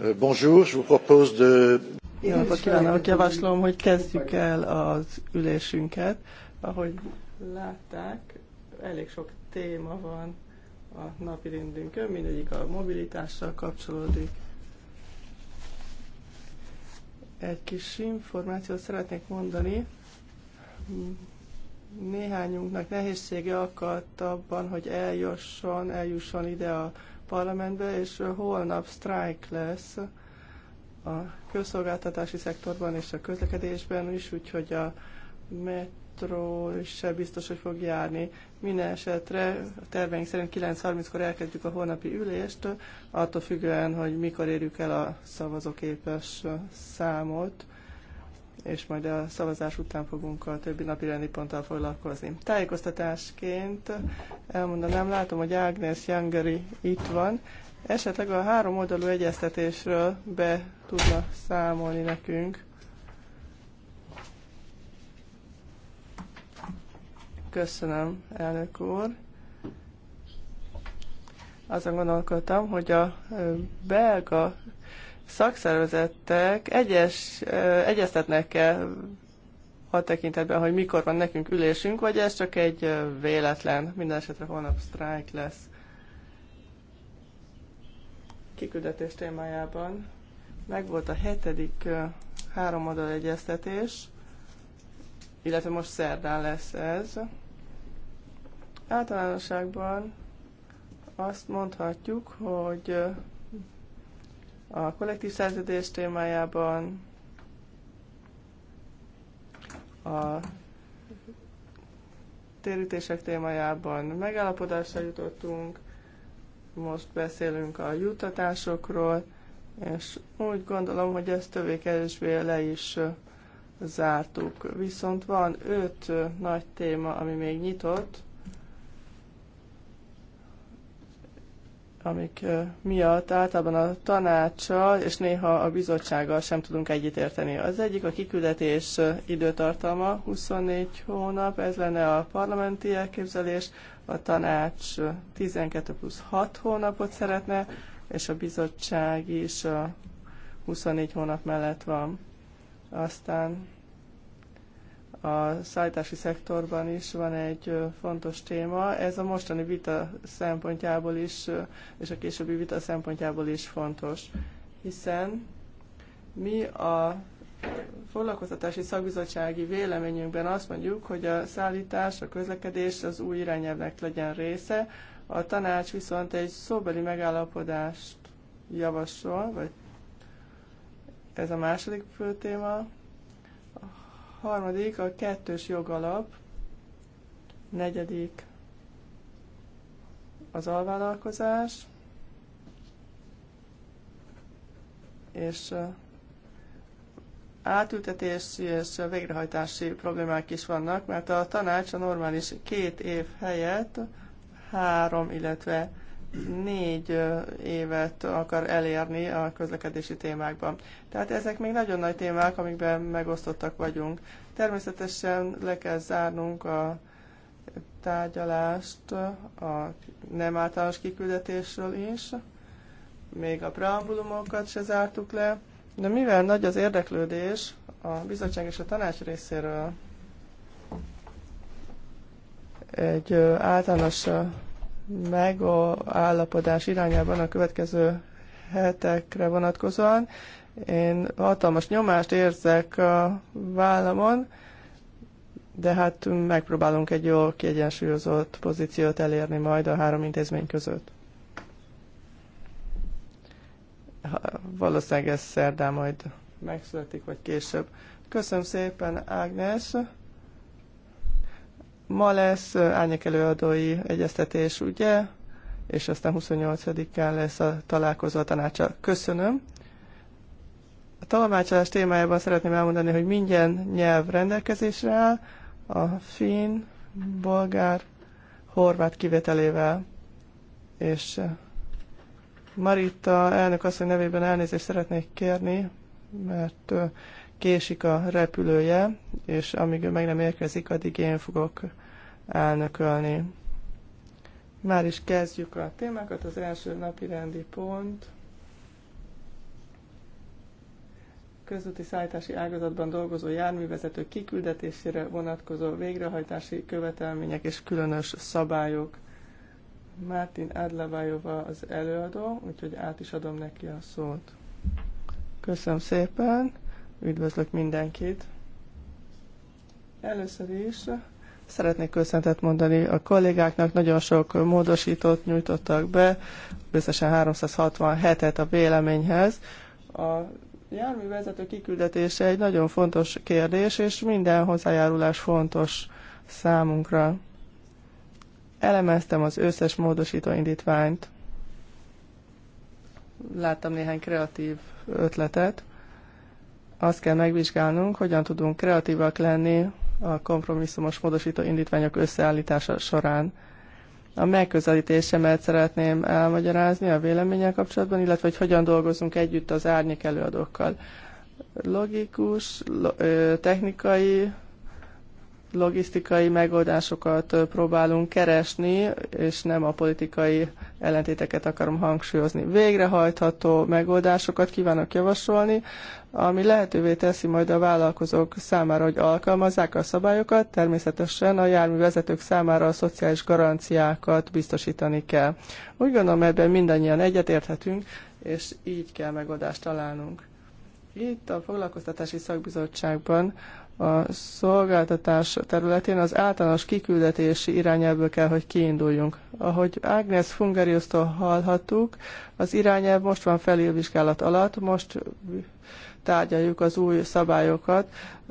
Euh, bonjour, Jó napot kívánok, javaslom, hogy kezdjük el az ülésünket. Ahogy látták, elég sok téma van a napi rendünkön, mindegyik a mobilitással kapcsolódik. Egy kis információt szeretnék mondani. Néhányunknak nehézsége akadt abban, hogy eljusson, eljusson ide a parlamentbe, és holnap sztrájk lesz a közszolgáltatási szektorban és a közlekedésben is, úgyhogy a metró se biztos, hogy fog járni. Minden esetre a terveink szerint 9.30-kor elkezdjük a holnapi ülést, attól függően, hogy mikor érjük el a szavazóképes számot és majd a szavazás után fogunk a többi napi rendi ponttal foglalkozni. Tájékoztatásként elmondanám, látom, hogy Ágnes Jangeri itt van. Esetleg a három oldalú egyeztetésről be tudna számolni nekünk. Köszönöm, elnök úr. Azon gondolkodtam, hogy a belga szakszervezetek egyes, egyeztetnek-e a tekintetben, hogy mikor van nekünk ülésünk, vagy ez csak egy véletlen, minden esetre holnap sztrájk lesz kiküldetés témájában. volt a hetedik három oldal egyeztetés, illetve most szerdán lesz ez. Általánosságban azt mondhatjuk, hogy a kollektív szerződés témájában, a térítések témájában megállapodásra jutottunk, most beszélünk a juttatásokról, és úgy gondolom, hogy ezt többé-kevésbé le is zártuk. Viszont van öt nagy téma, ami még nyitott, amik miatt általában a tanácssal és néha a bizottsággal sem tudunk egyetérteni. Az egyik a kiküldetés időtartalma, 24 hónap, ez lenne a parlamenti elképzelés, a tanács 12 plusz 6 hónapot szeretne, és a bizottság is 24 hónap mellett van. Aztán a szállítási szektorban is van egy fontos téma. Ez a mostani vita szempontjából is, és a későbbi vita szempontjából is fontos, hiszen mi a foglalkoztatási szakbizottsági véleményünkben azt mondjuk, hogy a szállítás, a közlekedés az új irányelvnek legyen része, a tanács viszont egy szóbeli megállapodást javasol, vagy ez a második fő téma, harmadik a kettős jogalap, negyedik az alvállalkozás, és átültetési és végrehajtási problémák is vannak, mert a tanács a normális két év helyett három, illetve négy évet akar elérni a közlekedési témákban. Tehát ezek még nagyon nagy témák, amikben megosztottak vagyunk. Természetesen le kell zárnunk a tárgyalást a nem általános kiküldetésről is, még a preambulumokat se zártuk le, de mivel nagy az érdeklődés a bizottság és a tanács részéről egy általános meg a állapodás irányában a következő hetekre vonatkozóan. Én hatalmas nyomást érzek a vállamon, de hát megpróbálunk egy jó kiegyensúlyozott pozíciót elérni majd a három intézmény között. Ha, valószínűleg ez szerdán majd megszületik, vagy később. Köszönöm szépen, Ágnes! Ma lesz előadói egyeztetés, ugye? És aztán 28-án lesz a találkozó a tanácsa. Köszönöm. A tanácsadás témájában szeretném elmondani, hogy minden nyelv rendelkezésre áll, a finn, bolgár, horvát kivételével, és Marita elnök asszony nevében elnézést szeretnék kérni, mert késik a repülője, és amíg ő meg nem érkezik, addig én fogok elnökölni. Már is kezdjük a témákat. Az első napi rendi pont. közúti szállítási ágazatban dolgozó járművezető kiküldetésére vonatkozó végrehajtási követelmények és különös szabályok. Mártin Adlavajova az előadó, úgyhogy át is adom neki a szót. Köszönöm szépen. Üdvözlök mindenkit. Először is szeretnék köszöntet mondani a kollégáknak, nagyon sok módosítót nyújtottak be, összesen 367-et a véleményhez. A járművezető kiküldetése egy nagyon fontos kérdés, és minden hozzájárulás fontos számunkra. Elemeztem az összes módosító indítványt. Láttam néhány kreatív ötletet azt kell megvizsgálnunk, hogyan tudunk kreatívak lenni a kompromisszumos módosító indítványok összeállítása során. A megközelítésemet szeretném elmagyarázni a véleménnyel kapcsolatban, illetve hogy hogyan dolgozunk együtt az árnyék előadókkal. Logikus, technikai logisztikai megoldásokat próbálunk keresni, és nem a politikai ellentéteket akarom hangsúlyozni. Végrehajtható megoldásokat kívánok javasolni, ami lehetővé teszi majd a vállalkozók számára, hogy alkalmazzák a szabályokat, természetesen a járművezetők számára a szociális garanciákat biztosítani kell. Úgy gondolom, ebben mindannyian egyetérthetünk, és így kell megoldást találnunk. Itt a foglalkoztatási szakbizottságban a szolgáltatás területén az általános kiküldetési irányelvből kell, hogy kiinduljunk. Ahogy Ágnes Fungeriusztól hallhattuk, az irányelv most van felülvizsgálat alatt, most tárgyaljuk az új szabályokat.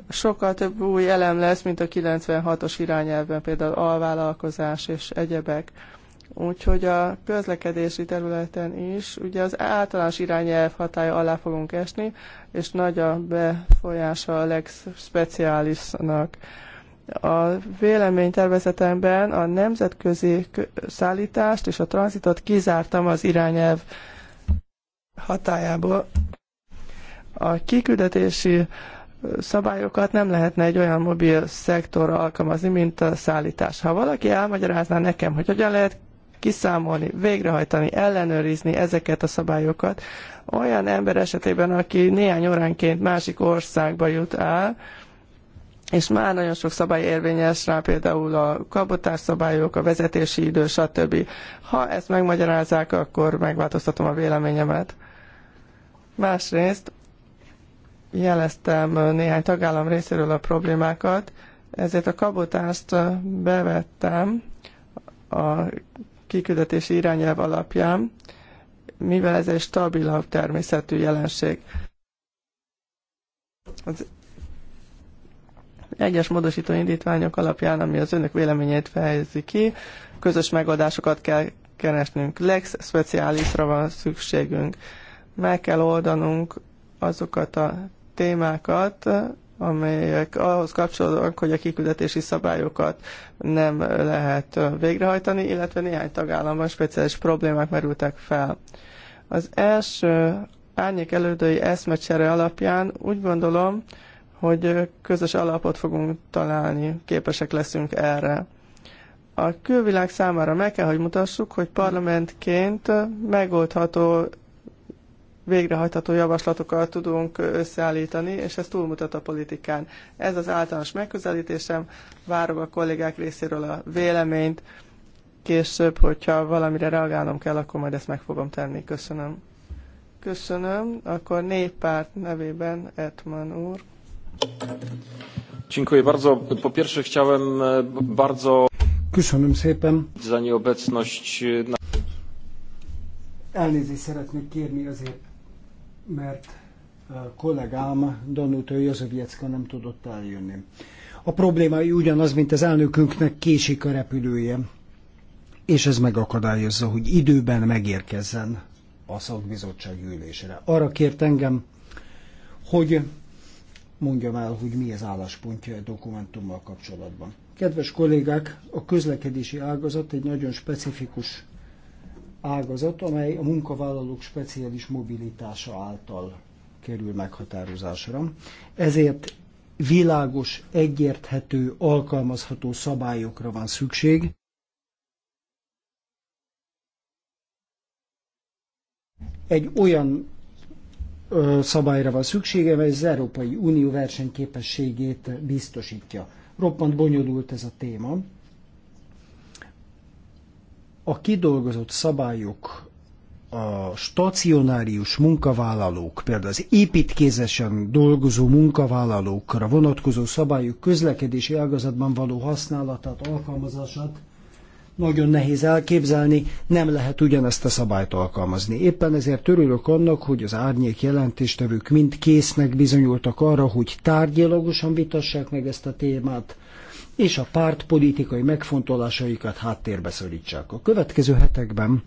Sokkal több új elem lesz, mint a 96-os irányelvben, például alvállalkozás és egyebek. Úgyhogy a közlekedési területen is, ugye az általános irányelv hatája alá fogunk esni, és nagy a befolyása a legspeciálisnak. A véleménytervezetemben a nemzetközi szállítást és a tranzitot kizártam az irányelv hatájából. A kiküldetési szabályokat nem lehetne egy olyan mobil szektorra alkalmazni, mint a szállítás. Ha valaki elmagyarázná nekem, hogy hogyan lehet kiszámolni, végrehajtani, ellenőrizni ezeket a szabályokat. Olyan ember esetében, aki néhány óránként másik országba jut el, és már nagyon sok szabály érvényes rá, például a kabotás szabályok, a vezetési idő, stb. Ha ezt megmagyarázzák, akkor megváltoztatom a véleményemet. Másrészt jeleztem néhány tagállam részéről a problémákat, ezért a kabotást bevettem a kiküldetési irányelv alapján, mivel ez egy stabilabb természetű jelenség. Az egyes módosító indítványok alapján, ami az önök véleményét fejezi ki, közös megoldásokat kell keresnünk. Lex speciálisra van szükségünk. Meg kell oldanunk azokat a témákat, amelyek ahhoz kapcsolódnak, hogy a kiküldetési szabályokat nem lehet végrehajtani, illetve néhány tagállamban speciális problémák merültek fel. Az első árnyék elődői eszmecsere alapján úgy gondolom, hogy közös alapot fogunk találni, képesek leszünk erre. A külvilág számára meg kell, hogy mutassuk, hogy parlamentként megoldható végrehajtható javaslatokat tudunk összeállítani, és ez túlmutat a politikán. Ez az általános megközelítésem, várom a kollégák részéről a véleményt, később, hogyha valamire reagálnom kell, akkor majd ezt meg fogom tenni. Köszönöm. Köszönöm. Akkor néppárt nevében Etman úr. Dziękuję bardzo. Po pierwsze chciałem e, bardzo Köszönöm szépen. Za nieobecność. Elnézést szeretnék kérni azért, mert eh, kollégám Danuta Jozovjecka nem tudott eljönni. A probléma ugyanaz, mint az elnökünknek késik a repülője, és ez megakadályozza, hogy időben megérkezzen a szakbizottság ülésre. Arra kért engem, hogy mondjam el, hogy mi az álláspontja a dokumentummal kapcsolatban. Kedves kollégák, a közlekedési ágazat egy nagyon specifikus ágazat, amely a munkavállalók speciális mobilitása által kerül meghatározásra. Ezért világos, egyérthető, alkalmazható szabályokra van szükség. Egy olyan ö, szabályra van szüksége, amely az Európai Unió versenyképességét biztosítja. Roppant bonyolult ez a téma a kidolgozott szabályok a stacionárius munkavállalók, például az építkézesen dolgozó munkavállalókra vonatkozó szabályok közlekedési ágazatban való használatát, alkalmazását nagyon nehéz elképzelni, nem lehet ugyanezt a szabályt alkalmazni. Éppen ezért örülök annak, hogy az árnyék jelentéstevők mind késznek bizonyultak arra, hogy tárgyalagosan vitassák meg ezt a témát, és a párt politikai megfontolásaikat háttérbe szorítsák. A következő hetekben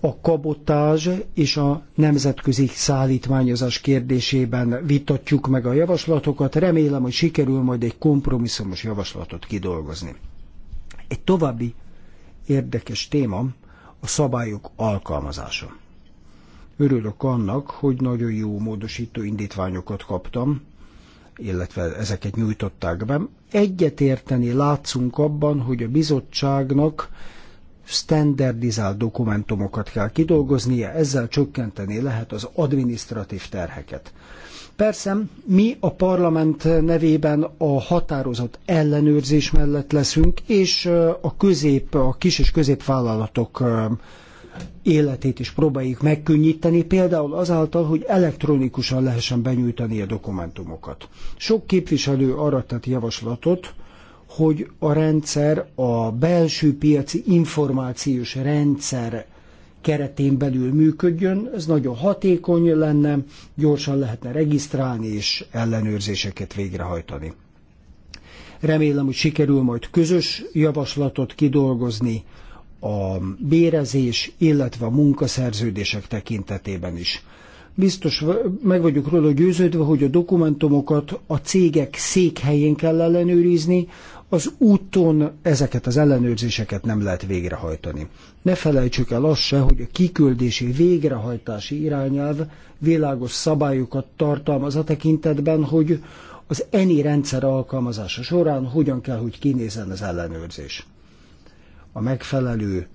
a kabotázs és a nemzetközi szállítmányozás kérdésében vitatjuk meg a javaslatokat. Remélem, hogy sikerül majd egy kompromisszumos javaslatot kidolgozni. Egy további érdekes téma a szabályok alkalmazása. Örülök annak, hogy nagyon jó módosító indítványokat kaptam, illetve ezeket nyújtották be. Egyetérteni látszunk abban, hogy a bizottságnak standardizált dokumentumokat kell kidolgoznia, ezzel csökkenteni lehet az administratív terheket. Persze, mi a parlament nevében a határozott ellenőrzés mellett leszünk, és a közép, a kis és középvállalatok életét is próbáljuk megkönnyíteni, például azáltal, hogy elektronikusan lehessen benyújtani a dokumentumokat. Sok képviselő arra tett javaslatot, hogy a rendszer a belső piaci információs rendszer keretén belül működjön, ez nagyon hatékony lenne, gyorsan lehetne regisztrálni és ellenőrzéseket végrehajtani. Remélem, hogy sikerül majd közös javaslatot kidolgozni a bérezés, illetve a munkaszerződések tekintetében is. Biztos meg vagyok róla győződve, hogy a dokumentumokat a cégek székhelyén kell ellenőrizni, az úton ezeket az ellenőrzéseket nem lehet végrehajtani. Ne felejtsük el azt se, hogy a kiküldési végrehajtási irányelv világos szabályokat tartalmaz a tekintetben, hogy az ENI rendszer alkalmazása során hogyan kell, hogy kinézzen az ellenőrzés a megfelelő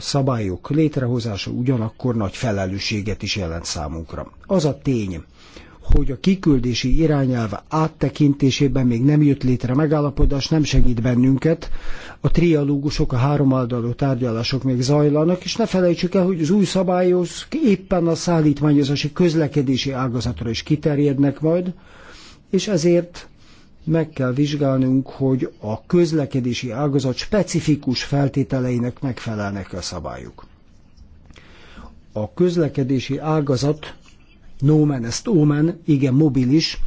szabályok létrehozása ugyanakkor nagy felelősséget is jelent számunkra. Az a tény, hogy a kiküldési irányelv áttekintésében még nem jött létre megállapodás, nem segít bennünket. A trialógusok, a oldalú tárgyalások még zajlanak, és ne felejtsük el, hogy az új szabályos éppen a szállítmányozási közlekedési ágazatra is kiterjednek majd, és ezért meg kell vizsgálnunk, hogy a közlekedési ágazat specifikus feltételeinek megfelelnek a szabályok. A közlekedési ágazat no man est omen, igen mobilis,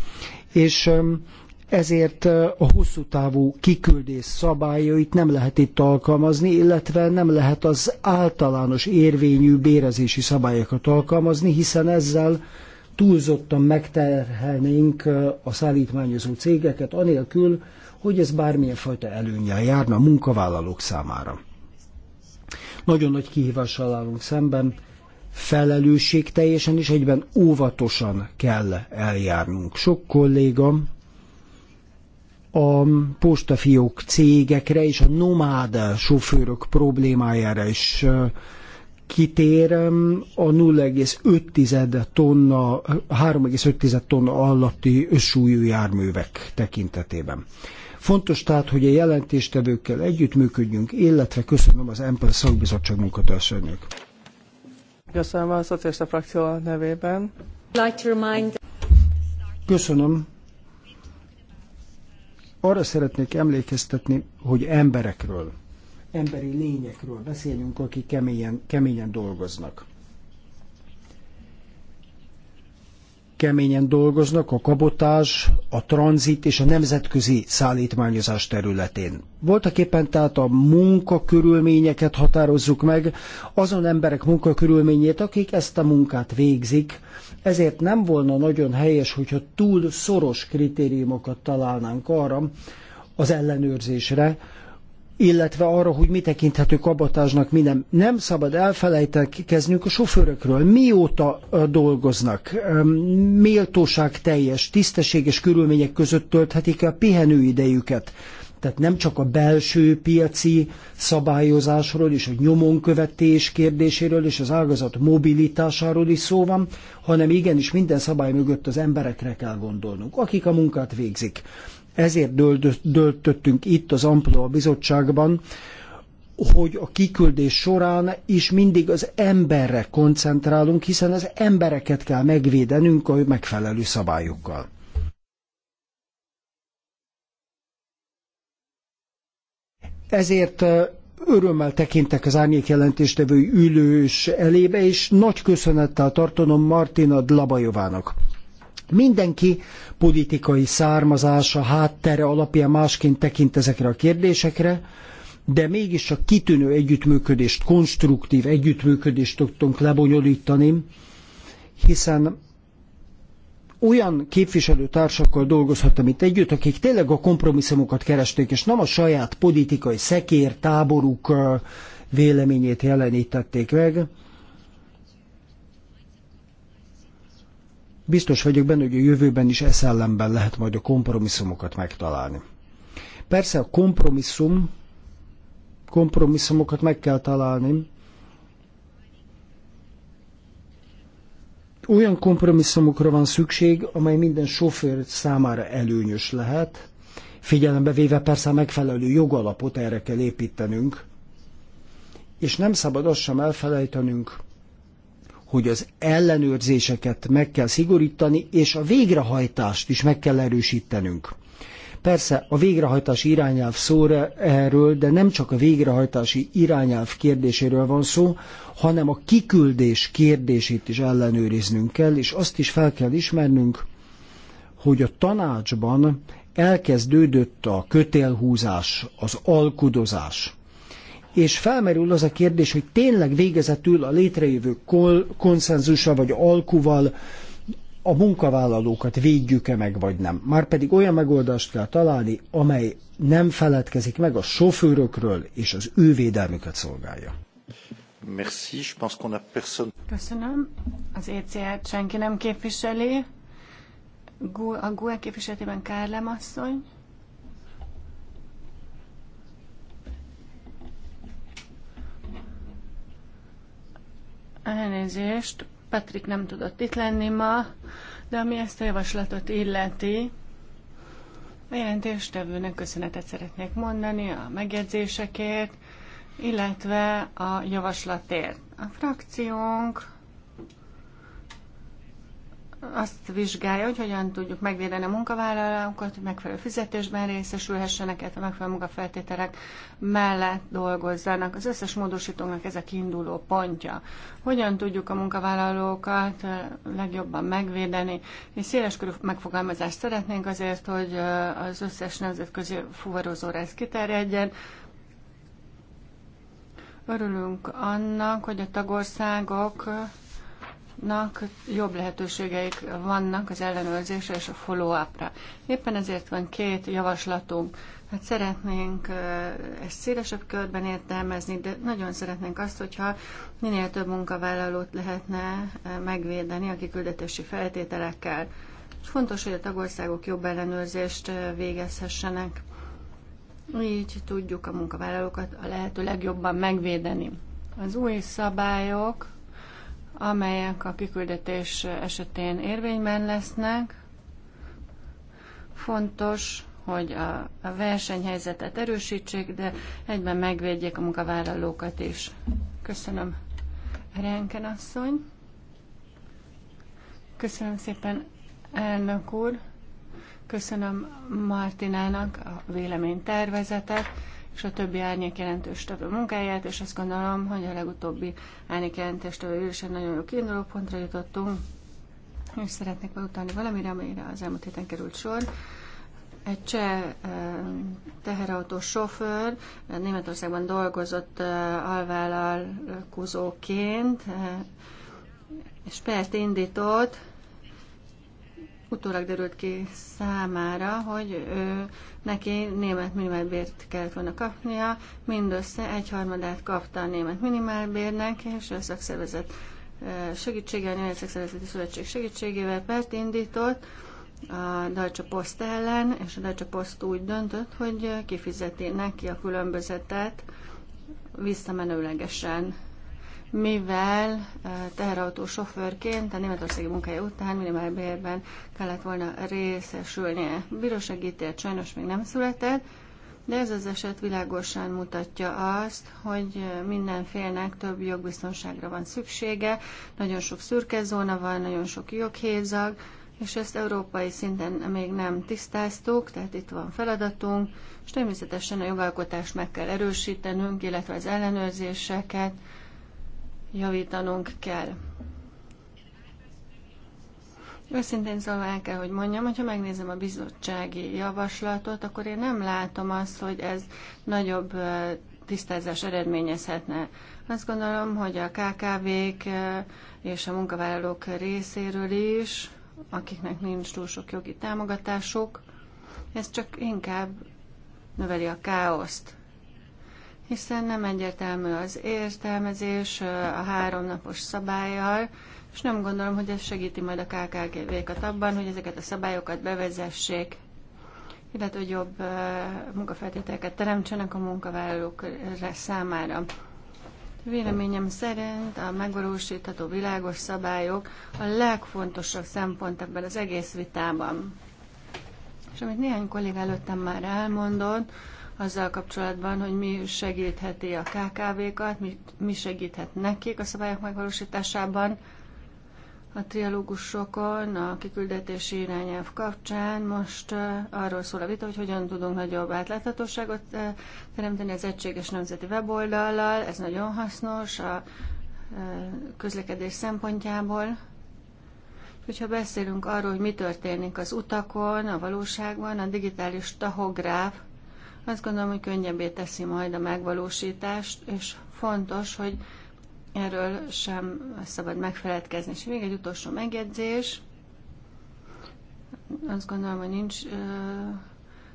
és um, ezért uh, a hosszú távú kiküldés szabályait nem lehet itt alkalmazni, illetve nem lehet az általános érvényű bérezési szabályokat alkalmazni, hiszen ezzel túlzottan megterhelnénk a szállítmányozó cégeket, anélkül, hogy ez bármilyen fajta előnyel járna a munkavállalók számára. Nagyon nagy kihívással állunk szemben, felelősség teljesen és egyben óvatosan kell eljárnunk. Sok kolléga a postafiók cégekre és a nomád sofőrök problémájára is kitér a 0,5 tonna, 3,5 tonna alatti súlyú járművek tekintetében. Fontos tehát, hogy a jelentéstevőkkel együttműködjünk, illetve köszönöm az MPL szakbizottság munkatársainak. Köszönöm a szocialista frakció nevében. Köszönöm. Arra szeretnék emlékeztetni, hogy emberekről, emberi lényekről beszélünk, akik keményen, keményen dolgoznak. Keményen dolgoznak a kabotás, a tranzit és a nemzetközi szállítmányozás területén. Voltak éppen tehát a munkakörülményeket határozzuk meg, azon emberek munkakörülményét, akik ezt a munkát végzik, ezért nem volna nagyon helyes, hogyha túl szoros kritériumokat találnánk arra az ellenőrzésre, illetve arra, hogy mi tekinthető kabotásnak, mi nem. Nem szabad elfelejtekeznünk a sofőrökről. Mióta dolgoznak? Méltóság teljes, tisztességes körülmények között tölthetik a pihenőidejüket. Tehát nem csak a belső piaci szabályozásról és a nyomonkövetés kérdéséről és az ágazat mobilitásáról is szó van, hanem igenis minden szabály mögött az emberekre kell gondolnunk, akik a munkát végzik ezért döltöttünk itt az Ampla bizottságban, hogy a kiküldés során is mindig az emberre koncentrálunk, hiszen az embereket kell megvédenünk a megfelelő szabályokkal. Ezért örömmel tekintek az árnyék jelentéstevő ülős elébe, és nagy köszönettel tartanom Martina Dlabajovának. Mindenki politikai származása, háttere alapján másként tekint ezekre a kérdésekre, de mégis a kitűnő együttműködést, konstruktív együttműködést tudtunk lebonyolítani, hiszen olyan képviselőtársakkal dolgozhattam itt együtt, akik tényleg a kompromisszumokat keresték, és nem a saját politikai táboruk véleményét jelenítették meg. Biztos vagyok benne, hogy a jövőben is e szellemben lehet majd a kompromisszumokat megtalálni. Persze a kompromisszum, kompromisszumokat meg kell találni, olyan kompromisszumokra van szükség, amely minden sofőr számára előnyös lehet, figyelembe véve persze a megfelelő jogalapot erre kell építenünk, és nem szabad azt sem elfelejtenünk, hogy az ellenőrzéseket meg kell szigorítani, és a végrehajtást is meg kell erősítenünk. Persze a végrehajtási irányelv szó erről, de nem csak a végrehajtási irányelv kérdéséről van szó, hanem a kiküldés kérdését is ellenőriznünk kell, és azt is fel kell ismernünk, hogy a tanácsban elkezdődött a kötélhúzás, az alkudozás és felmerül az a kérdés, hogy tényleg végezetül a létrejövő konszenzusa vagy alkuval a munkavállalókat védjük-e meg, vagy nem. pedig olyan megoldást kell találni, amely nem feledkezik meg a sofőrökről, és az ő védelmüket szolgálja. Merci, je pense qu'on a personne. Köszönöm. Az ECR-t senki nem képviseli. A GUE képviseletében Kárlem asszony. Elnézést, Patrik nem tudott itt lenni ma, de ami ezt a javaslatot illeti, a jelentéstevőnek köszönetet szeretnék mondani a megjegyzésekért, illetve a javaslatért. A frakciónk azt vizsgálja, hogy hogyan tudjuk megvédeni a munkavállalókat, hogy megfelelő fizetésben részesülhessenek, illetve megfelelő munkafeltételek mellett dolgozzanak. Az összes módosítónak ez a kiinduló pontja. Hogyan tudjuk a munkavállalókat legjobban megvédeni, és széleskörű megfogalmazást szeretnénk azért, hogy az összes nemzetközi fuvarozóra ez kiterjedjen, Örülünk annak, hogy a tagországok nak jobb lehetőségeik vannak az ellenőrzésre és a follow-upra. Éppen ezért van két javaslatunk. Hát szeretnénk ezt szélesebb körben értelmezni, de nagyon szeretnénk azt, hogyha minél több munkavállalót lehetne megvédeni a kiküldetési feltételekkel. És fontos, hogy a tagországok jobb ellenőrzést végezhessenek. Így tudjuk a munkavállalókat a lehető legjobban megvédeni. Az új szabályok amelyek a kiküldetés esetén érvényben lesznek. Fontos, hogy a, a versenyhelyzetet erősítsék, de egyben megvédjék a munkavállalókat is. Köszönöm, Renken asszony. Köszönöm szépen, elnök úr. Köszönöm Martinának a véleménytervezetet és a többi árnyék jelentős tevő munkáját, és azt gondolom, hogy a legutóbbi árnyék jelentős tevő egy nagyon jó kiinduló pontra jutottunk, és szeretnék belutalni valamire, amire az elmúlt héten került sor. Egy cseh teherautós sofőr Németországban dolgozott alvállalkozóként, és pert indított, utólag derült ki számára, hogy ő, neki német minimálbért kellett volna kapnia, mindössze egyharmadát kapta a német minimálbérnek, és a szakszervezet segítségével, a Német Szakszervezeti Szövetség segítségével pert indított a Deutsche Post ellen, és a Deutsche Post úgy döntött, hogy kifizeti neki a különbözetet visszamenőlegesen mivel eh, teherautó sofőrként a németországi munkája után minimálbérben kellett volna részesülnie. Bírósági sajnos még nem született, de ez az eset világosan mutatja azt, hogy eh, minden félnek több jogbiztonságra van szüksége, nagyon sok szürke zóna van, nagyon sok joghézag, és ezt európai szinten még nem tisztáztuk, tehát itt van feladatunk, és természetesen a jogalkotást meg kell erősítenünk, illetve az ellenőrzéseket, javítanunk kell. Őszintén szóval el kell, hogy mondjam, hogyha megnézem a bizottsági javaslatot, akkor én nem látom azt, hogy ez nagyobb tisztázás eredményezhetne. Azt gondolom, hogy a KKV-k és a munkavállalók részéről is, akiknek nincs túl sok jogi támogatásuk, ez csak inkább növeli a káoszt hiszen nem egyértelmű az értelmezés a háromnapos szabályjal, és nem gondolom, hogy ez segíti majd a KKV-kat abban, hogy ezeket a szabályokat bevezessék, illetve hogy jobb munkafeltételeket teremtsenek a munkavállalók számára. Véleményem szerint a megvalósítható világos szabályok a legfontosabb szempont ebben az egész vitában. És amit néhány kollég előttem már elmondott, azzal kapcsolatban, hogy mi segítheti a KKV-kat, mi, mi segíthet nekik a szabályok megvalósításában. A trialógusokon, a kiküldetési irányelv kapcsán most arról szól a vita, hogy hogyan tudunk nagyobb átláthatóságot teremteni az egységes nemzeti weboldallal. Ez nagyon hasznos a közlekedés szempontjából. Hogyha beszélünk arról, hogy mi történik az utakon, a valóságban, a digitális tahográf azt gondolom, hogy könnyebbé teszi majd a megvalósítást, és fontos, hogy erről sem szabad megfeledkezni. És még egy utolsó megjegyzés. Azt gondolom, hogy nincs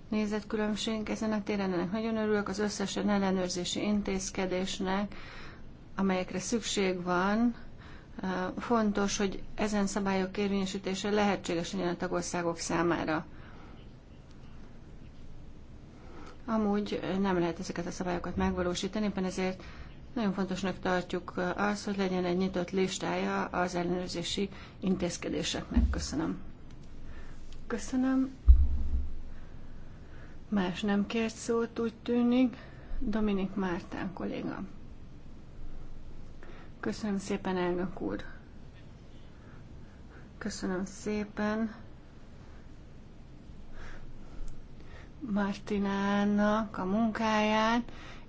nézetkülönbség ezen a téren. Ennek nagyon örülök az összes ellenőrzési intézkedésnek, amelyekre szükség van. Fontos, hogy ezen szabályok érvényesítése lehetséges legyen a tagországok számára. Amúgy nem lehet ezeket a szabályokat megvalósítani, éppen ezért nagyon fontosnak tartjuk azt, hogy legyen egy nyitott listája az ellenőrzési intézkedéseknek. Köszönöm. Köszönöm. Más nem kért szót, úgy tűnik. Dominik Mártán kolléga. Köszönöm szépen, elnök úr. Köszönöm szépen. Martinának a munkáját.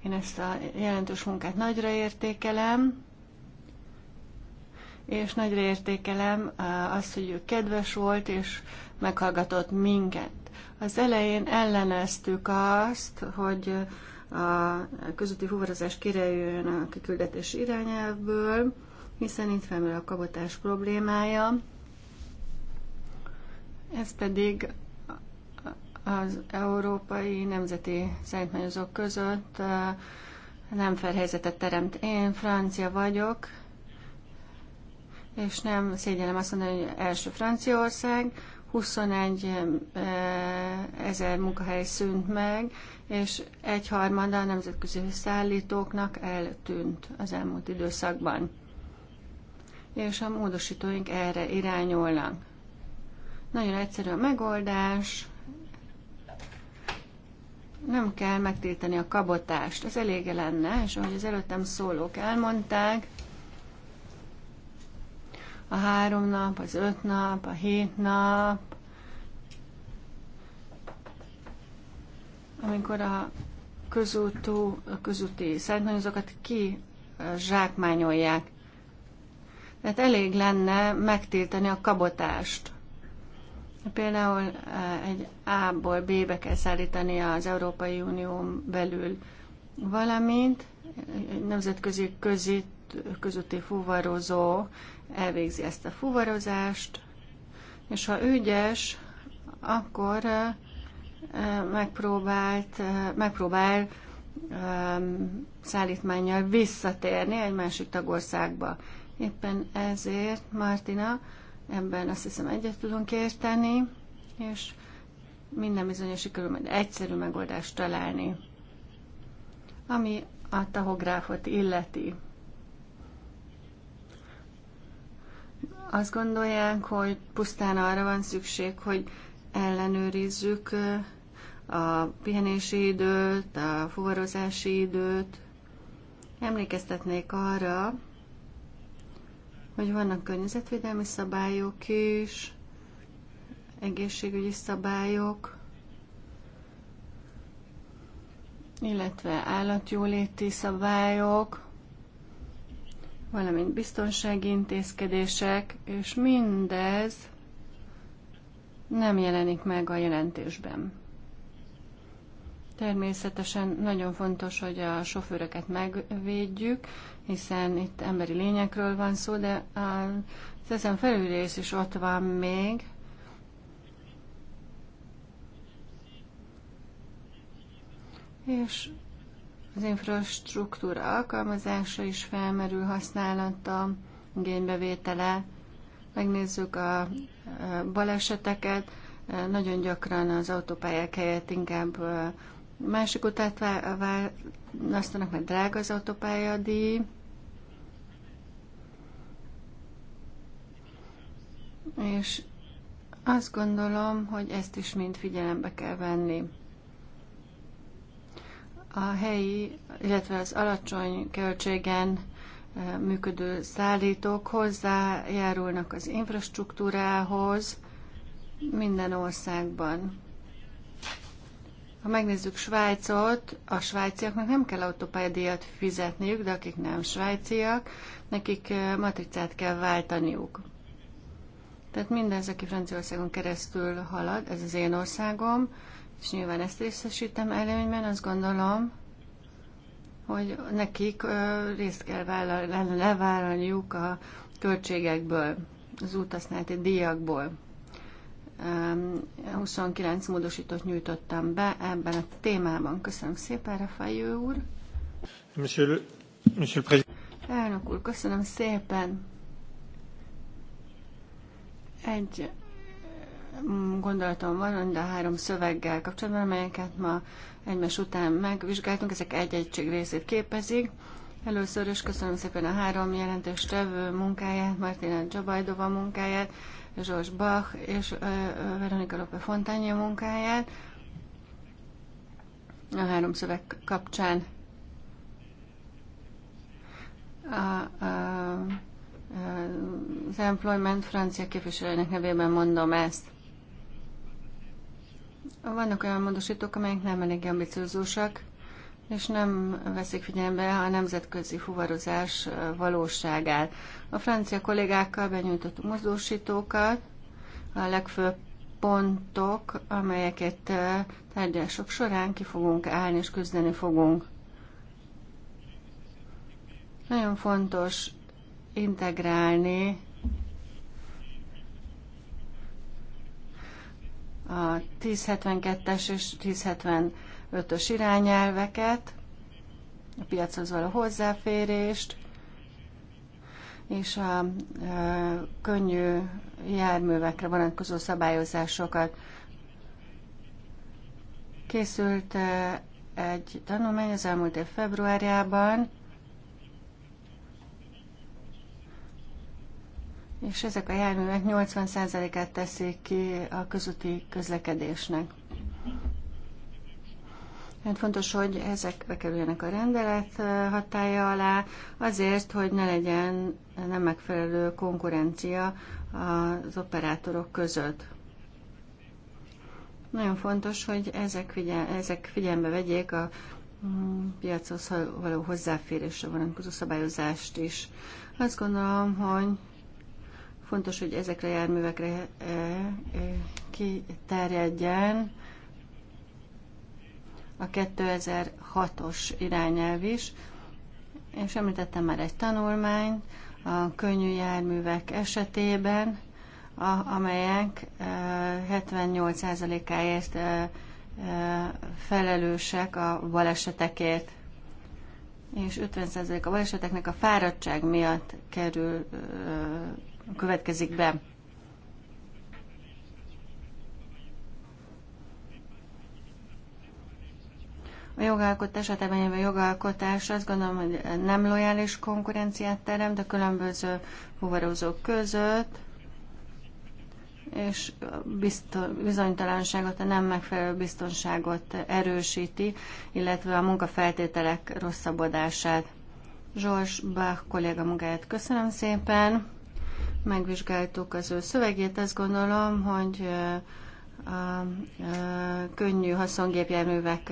Én ezt a jelentős munkát nagyra értékelem, és nagyra értékelem azt, hogy ő kedves volt, és meghallgatott minket. Az elején elleneztük azt, hogy a közötti fuvarozás kirejön a kiküldetés irányelvből, hiszen itt felmerül a kabotás problémája. Ez pedig az európai nemzeti szállítmányozók között nem fair helyzetet teremt. Én francia vagyok, és nem szégyenem azt mondani, hogy első Franciaország, 21 ezer munkahely szűnt meg, és egyharmada a nemzetközi szállítóknak eltűnt az elmúlt időszakban. És a módosítóink erre irányolnak. Nagyon egyszerű a megoldás, nem kell megtiltani a kabotást, az elége lenne, és ahogy az előttem szólók elmondták, a három nap, az öt nap, a hét nap, amikor a közútó, a közúti szállítmányozókat ki zsákmányolják. Tehát elég lenne megtiltani a kabotást. Például eh, egy A-ból B-be kell szállítani az Európai Unión belül valamint, nemzetközi közít, közötti fuvarozó elvégzi ezt a fuvarozást, és ha ügyes, akkor eh, megpróbált, eh, megpróbál ehm, szállítmányjal visszatérni egy másik tagországba. Éppen ezért, Martina, Ebben azt hiszem egyet tudunk érteni, és minden bizonyos sikerül majd egyszerű megoldást találni, ami a tahográfot illeti. Azt gondolják, hogy pusztán arra van szükség, hogy ellenőrizzük eh, a pihenési időt, a fuvarozási időt. Emlékeztetnék arra, hogy vannak környezetvédelmi szabályok is, egészségügyi szabályok, illetve állatjóléti szabályok, valamint biztonsági intézkedések, és mindez nem jelenik meg a jelentésben. Természetesen nagyon fontos, hogy a sofőröket megvédjük, hiszen itt emberi lényekről van szó, de az ezen felülrész is ott van még. És az infrastruktúra alkalmazása is felmerül, használata, igénybevétele. Megnézzük a baleseteket. Nagyon gyakran az autópályák helyett inkább Másik utát választanak, mert drága az autópályadi. És azt gondolom, hogy ezt is mind figyelembe kell venni. A helyi, illetve az alacsony költségen működő szállítók hozzájárulnak az infrastruktúrához minden országban. Ha megnézzük Svájcot, a svájciaknak nem kell autópályadíjat fizetniük, de akik nem svájciak, nekik matricát kell váltaniuk. Tehát mindez, aki Franciaországon keresztül halad, ez az én országom, és nyilván ezt részesítem előnyben, azt gondolom, hogy nekik részt kell vállal, levállalniuk a költségekből, az úthasználati díjakból. 29 módosítót nyújtottam be ebben a témában. Köszönöm szépen, Rafael úr. Monsieur, monsieur le Elnök úr, köszönöm szépen. Egy gondolatom van, de három szöveggel kapcsolatban, amelyeket ma egymás után megvizsgáltunk, ezek egy egység részét képezik. Először is köszönöm szépen a három jelentős tevő munkáját, Martina Csabajdova munkáját, Zsors Bach és Veronika Lope Fontányi munkáját a három szöveg kapcsán. A, a, a, az Employment francia képviselőnek nevében mondom ezt. Vannak olyan módosítók, amelyek nem elég ambiciózusak, és nem veszik figyelembe a nemzetközi fuvarozás valóságát. A francia kollégákkal benyújtott mozdósítókat, a legfőbb pontok, amelyeket tárgyalások során ki fogunk állni és küzdeni fogunk. Nagyon fontos integrálni a 1072-es és 1073 ötös irányelveket, a piachoz való hozzáférést, és a e, könnyű járművekre vonatkozó szabályozásokat. Készült e, egy tanulmány az elmúlt év februárjában, és ezek a járművek 80%-át teszik ki a közúti közlekedésnek. Mert fontos, hogy ezek bekerüljenek a rendelet hatája alá, azért, hogy ne legyen nem megfelelő konkurencia az operátorok között. Nagyon fontos, hogy ezek, figyel, ezek figyelembe vegyék a mm, piachoz való hozzáférésre vonatkozó szabályozást is. Azt gondolom, hogy fontos, hogy ezekre a járművekre e, e, kiterjedjen a 2006-os irányelv is, és említettem már egy tanulmányt a könnyű járművek esetében, a, amelyek 78%-áért e, e, e, felelősek a balesetekért, és 50% a baleseteknek a fáradtság miatt kerül, következik be. A jogalkotás, a a jogalkotás azt gondolom, hogy nem lojális konkurenciát teremt a különböző fuvarozók között, és bizonytalanságot, a nem megfelelő biztonságot erősíti, illetve a munkafeltételek rosszabbodását. Zsors Bach kolléga munkáját köszönöm szépen, megvizsgáltuk az ő szövegét, azt gondolom, hogy a könnyű haszongépjárművek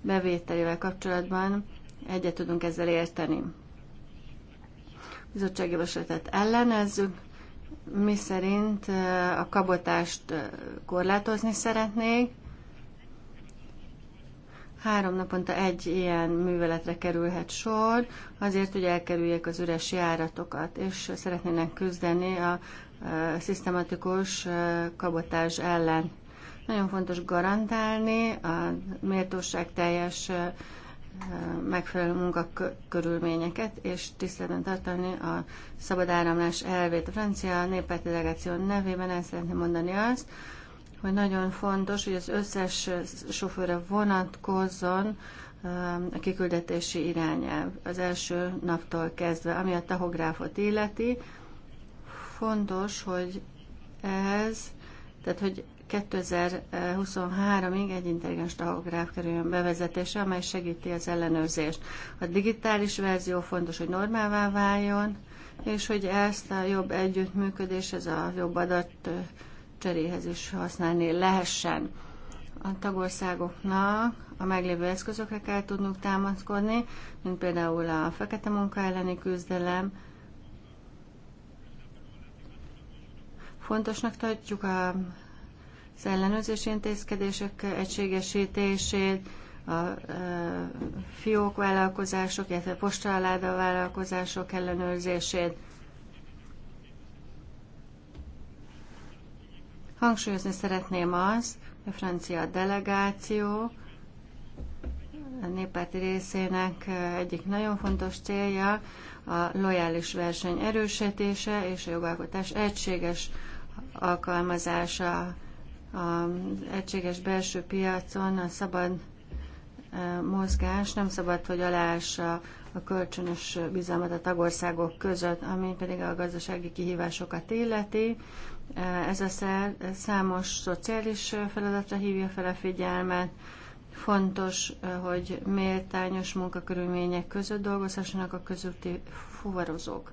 bevételével kapcsolatban egyet tudunk ezzel érteni. Bizottsági javaslatát ellenezzük, mi szerint a kabotást korlátozni szeretnék. Három naponta egy ilyen műveletre kerülhet sor, azért, hogy elkerüljék az üres járatokat, és szeretnének küzdeni a szisztematikus kabotás ellen. Nagyon fontos garantálni a méltóság teljes megfelelő munkakörülményeket, és tiszteletben tartani a szabad áramlás elvét. A francia néppárti delegáció nevében el szeretném mondani azt, hogy nagyon fontos, hogy az összes sofőre vonatkozzon a kiküldetési irányelv az első naptól kezdve, ami a tahográfot illeti. Fontos, hogy ez, tehát hogy 2023-ig egy intelligens tahográf kerüljön bevezetése, amely segíti az ellenőrzést. A digitális verzió fontos, hogy normálvá váljon, és hogy ezt a jobb együttműködés, ez a jobb adat cseréhez is használni lehessen. A tagországoknak a meglévő eszközökre kell tudnunk támaszkodni, mint például a fekete munka elleni küzdelem, Fontosnak tartjuk a az ellenőrzési intézkedések egységesítését, a e, fiók vállalkozások, illetve postaláda vállalkozások ellenőrzését. Hangsúlyozni szeretném azt, hogy a francia delegáció a néppárti részének egyik nagyon fontos célja a lojális verseny erősítése és a jogalkotás egységes alkalmazása az egységes belső piacon a szabad e, mozgás nem szabad, hogy aláássa a kölcsönös bizalmat a tagországok között, ami pedig a gazdasági kihívásokat illeti. E, ez a számos szociális feladatra hívja fel a figyelmet. Fontos, e, hogy méltányos munkakörülmények között dolgozhassanak a közötti fuvarozók.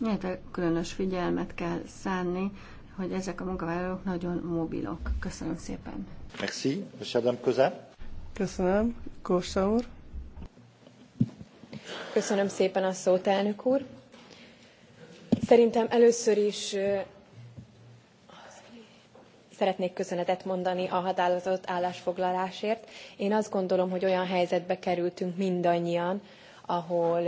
Illetve különös figyelmet kell szánni hogy ezek a munkavállalók nagyon mobilok. Köszönöm szépen. Merci, Monsieur Köze. Köszönöm, Kósa úr. Köszönöm szépen a szót, elnök úr. Szerintem először is szeretnék köszönetet mondani a határozott állásfoglalásért. Én azt gondolom, hogy olyan helyzetbe kerültünk mindannyian, ahol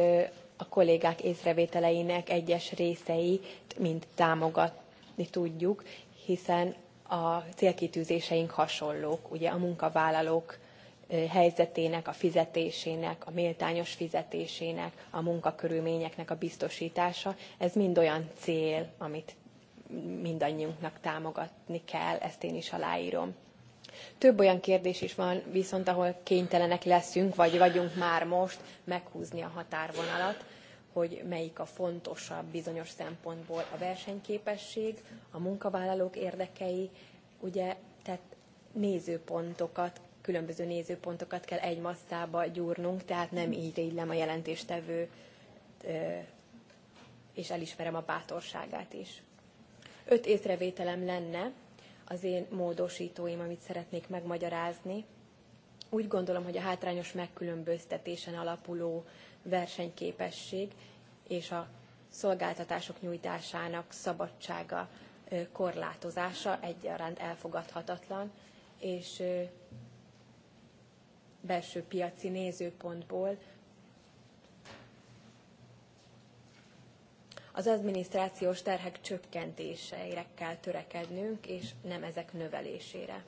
a kollégák észrevételeinek egyes részeit mind támogat, támogatni tudjuk, hiszen a célkitűzéseink hasonlók. Ugye a munkavállalók helyzetének, a fizetésének, a méltányos fizetésének, a munkakörülményeknek a biztosítása, ez mind olyan cél, amit mindannyiunknak támogatni kell, ezt én is aláírom. Több olyan kérdés is van viszont, ahol kénytelenek leszünk, vagy vagyunk már most meghúzni a határvonalat hogy melyik a fontosabb bizonyos szempontból a versenyképesség, a munkavállalók érdekei, ugye, tehát nézőpontokat, különböző nézőpontokat kell egy masszába gyúrnunk, tehát nem így illem a jelentéstevő, és elismerem a bátorságát is. Öt észrevételem lenne az én módosítóim, amit szeretnék megmagyarázni. Úgy gondolom, hogy a hátrányos megkülönböztetésen alapuló versenyképesség és a szolgáltatások nyújtásának szabadsága korlátozása egyaránt elfogadhatatlan, és belső piaci nézőpontból az adminisztrációs terhek csökkentéseire kell törekednünk, és nem ezek növelésére.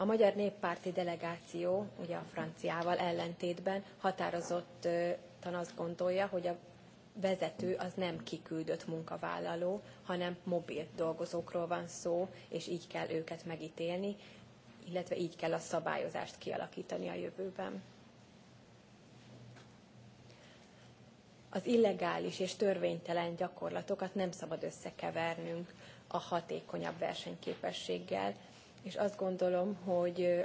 A magyar néppárti delegáció, ugye a franciával ellentétben határozottan azt gondolja, hogy a vezető az nem kiküldött munkavállaló, hanem mobil dolgozókról van szó, és így kell őket megítélni, illetve így kell a szabályozást kialakítani a jövőben. Az illegális és törvénytelen gyakorlatokat nem szabad összekevernünk a hatékonyabb versenyképességgel, és azt gondolom, hogy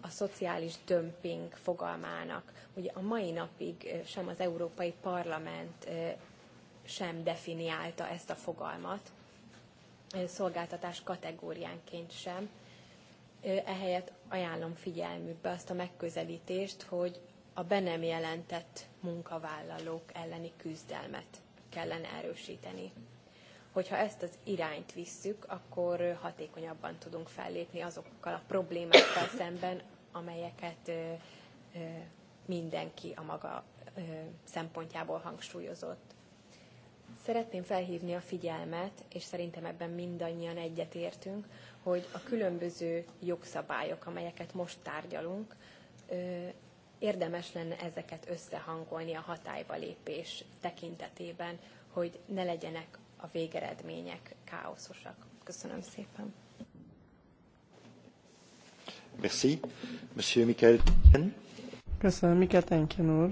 a szociális dömping fogalmának. Ugye a mai napig sem az Európai Parlament sem definiálta ezt a fogalmat, szolgáltatás kategóriánként sem. Ehelyett ajánlom figyelmükbe azt a megközelítést, hogy a be nem jelentett munkavállalók elleni küzdelmet kellene erősíteni hogyha ezt az irányt visszük, akkor hatékonyabban tudunk fellépni azokkal a problémákkal szemben, amelyeket mindenki a maga szempontjából hangsúlyozott. Szeretném felhívni a figyelmet, és szerintem ebben mindannyian egyetértünk, hogy a különböző jogszabályok, amelyeket most tárgyalunk, érdemes lenne ezeket összehangolni a hatályba lépés tekintetében, hogy ne legyenek a végeredmények káoszosak. Köszönöm szépen. Merci. Monsieur Michael. Köszönöm, Michael Tenken úr.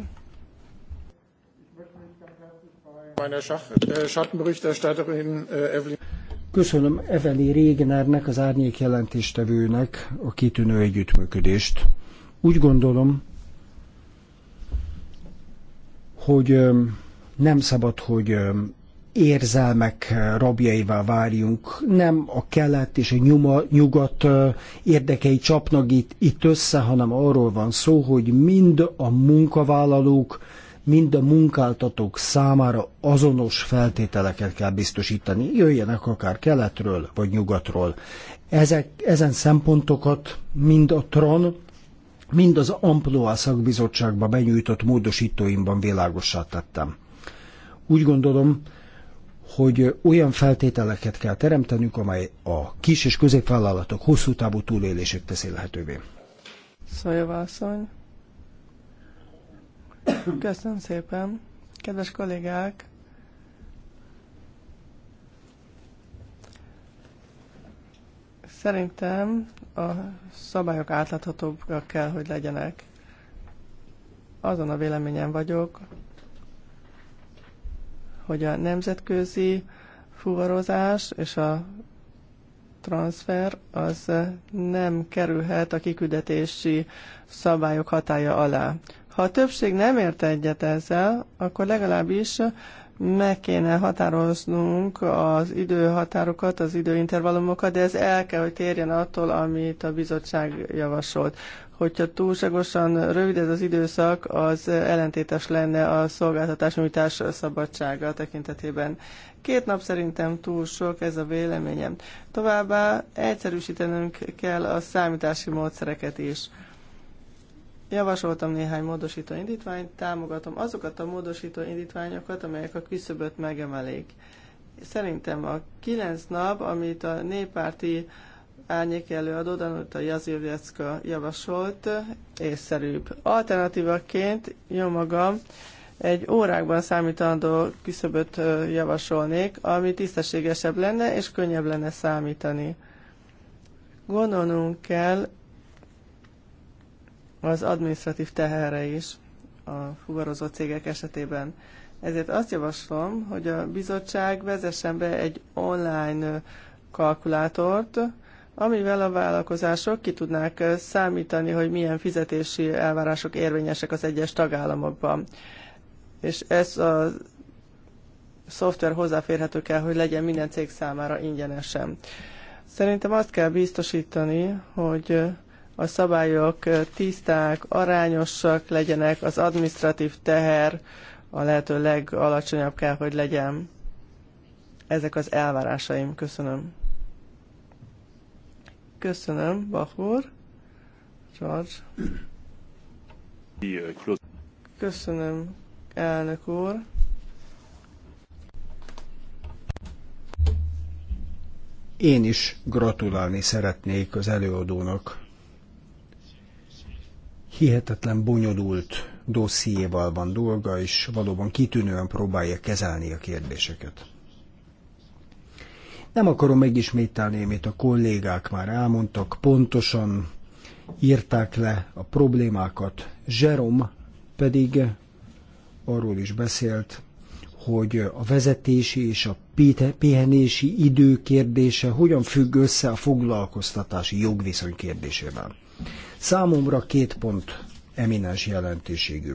Äh, äh, Köszönöm Eveli Régnernek, az árnyék jelentéstevőnek a kitűnő együttműködést. Úgy gondolom, hogy nem szabad, hogy érzelmek rabjaivá várjunk, nem a kelet és a nyuma, nyugat érdekei csapnak itt, itt össze, hanem arról van szó, hogy mind a munkavállalók, mind a munkáltatók számára azonos feltételeket kell biztosítani, jöjjenek akár keletről vagy nyugatról. Ezek, ezen szempontokat mind a TRON, mind az Amploa szakbizottságba benyújtott módosítóimban világossá tettem. Úgy gondolom, hogy olyan feltételeket kell teremtenünk, amely a kis és középvállalatok hosszú távú túlélését teszi lehetővé. Szajava Köszönöm szépen. Kedves kollégák, Szerintem a szabályok átláthatóbbak kell, hogy legyenek. Azon a véleményen vagyok, hogy a nemzetközi fuvarozás és a transfer az nem kerülhet a kiküldetési szabályok hatája alá. Ha a többség nem ért egyet ezzel, akkor legalábbis meg kéne határoznunk az időhatárokat, az időintervallumokat, de ez el kell, hogy térjen attól, amit a bizottság javasolt. Hogyha túlságosan rövid ez az időszak, az ellentétes lenne a szolgáltatás nyújtás szabadsága tekintetében. Két nap szerintem túl sok, ez a véleményem. Továbbá egyszerűsítenünk kell a számítási módszereket is. Javasoltam néhány módosító indítványt, támogatom azokat a módosító indítványokat, amelyek a küszöböt megemelik. Szerintem a kilenc nap, amit a néppárti uh, árnyék előadó a Jazirjecka javasolt észszerűbb. Alternatívaként jó magam egy órákban számítandó küszöböt javasolnék, ami tisztességesebb lenne és könnyebb lenne számítani. Gondolnunk kell az administratív teherre is a fuvarozó cégek esetében. Ezért azt javaslom, hogy a bizottság vezessen be egy online kalkulátort, amivel a vállalkozások ki tudnák számítani, hogy milyen fizetési elvárások érvényesek az egyes tagállamokban. És ez a szoftver hozzáférhető kell, hogy legyen minden cég számára ingyenesen. Szerintem azt kell biztosítani, hogy a szabályok tiszták, arányosak legyenek, az administratív teher a lehető legalacsonyabb kell, hogy legyen. Ezek az elvárásaim. Köszönöm. Köszönöm, Bachur. George. Köszönöm, elnök úr. Én is gratulálni szeretnék az előadónak. Hihetetlen bonyolult dossziéval van dolga, és valóban kitűnően próbálja kezelni a kérdéseket. Nem akarom megismételni, amit a kollégák már elmondtak, pontosan írták le a problémákat. Jerome pedig arról is beszélt, hogy a vezetési és a pihenési idő kérdése hogyan függ össze a foglalkoztatási jogviszony kérdésével. Számomra két pont eminens jelentőségű.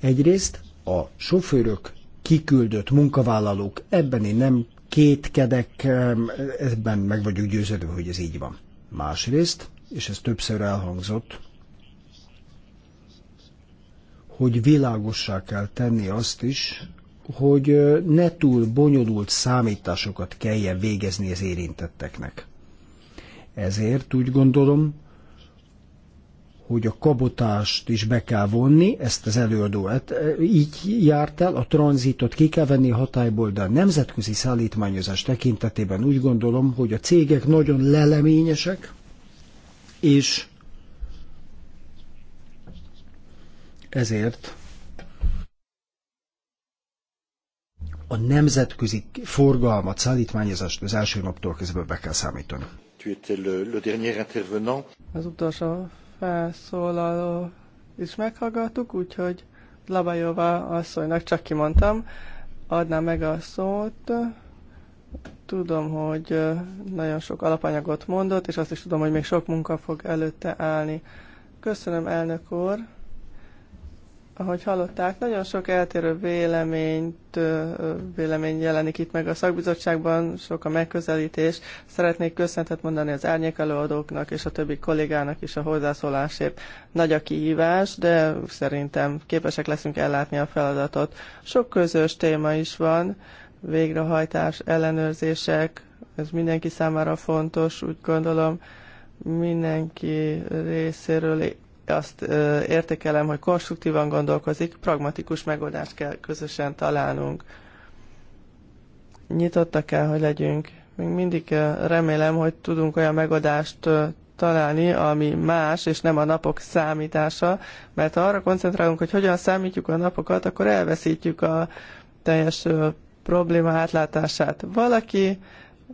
Egyrészt a sofőrök kiküldött munkavállalók, ebben én nem kétkedek, ebben meg vagyok győződve, hogy ez így van. Másrészt, és ez többször elhangzott, hogy világossá kell tenni azt is, hogy ne túl bonyolult számításokat kelljen végezni az érintetteknek. Ezért úgy gondolom, hogy a kabotást is be kell vonni, ezt az előadó hát így járt el, a tranzitot ki kell venni hatályból, de a nemzetközi szállítmányozás tekintetében úgy gondolom, hogy a cégek nagyon leleményesek, és ezért a nemzetközi forgalmat, szállítmányozást az első naptól kezdve be kell számítani. Az utolsó felszólaló is meghallgattuk, úgyhogy Labajová asszonynak csak kimondtam, adnám meg a szót. Tudom, hogy nagyon sok alapanyagot mondott, és azt is tudom, hogy még sok munka fog előtte állni. Köszönöm, elnök úr! Ahogy hallották, nagyon sok eltérő véleményt, vélemény jelenik itt meg a szakbizottságban, sok a megközelítés. Szeretnék köszöntet mondani az árnyék előadóknak és a többi kollégának is a hozzászólásért. Nagy a kihívás, de szerintem képesek leszünk ellátni a feladatot. Sok közös téma is van, végrehajtás, ellenőrzések, ez mindenki számára fontos, úgy gondolom mindenki részéről azt értékelem, hogy konstruktívan gondolkozik, pragmatikus megoldást kell közösen találnunk. Nyitottak kell, hogy legyünk. Még mindig remélem, hogy tudunk olyan megoldást találni, ami más, és nem a napok számítása, mert ha arra koncentrálunk, hogy hogyan számítjuk a napokat, akkor elveszítjük a teljes probléma átlátását. Valaki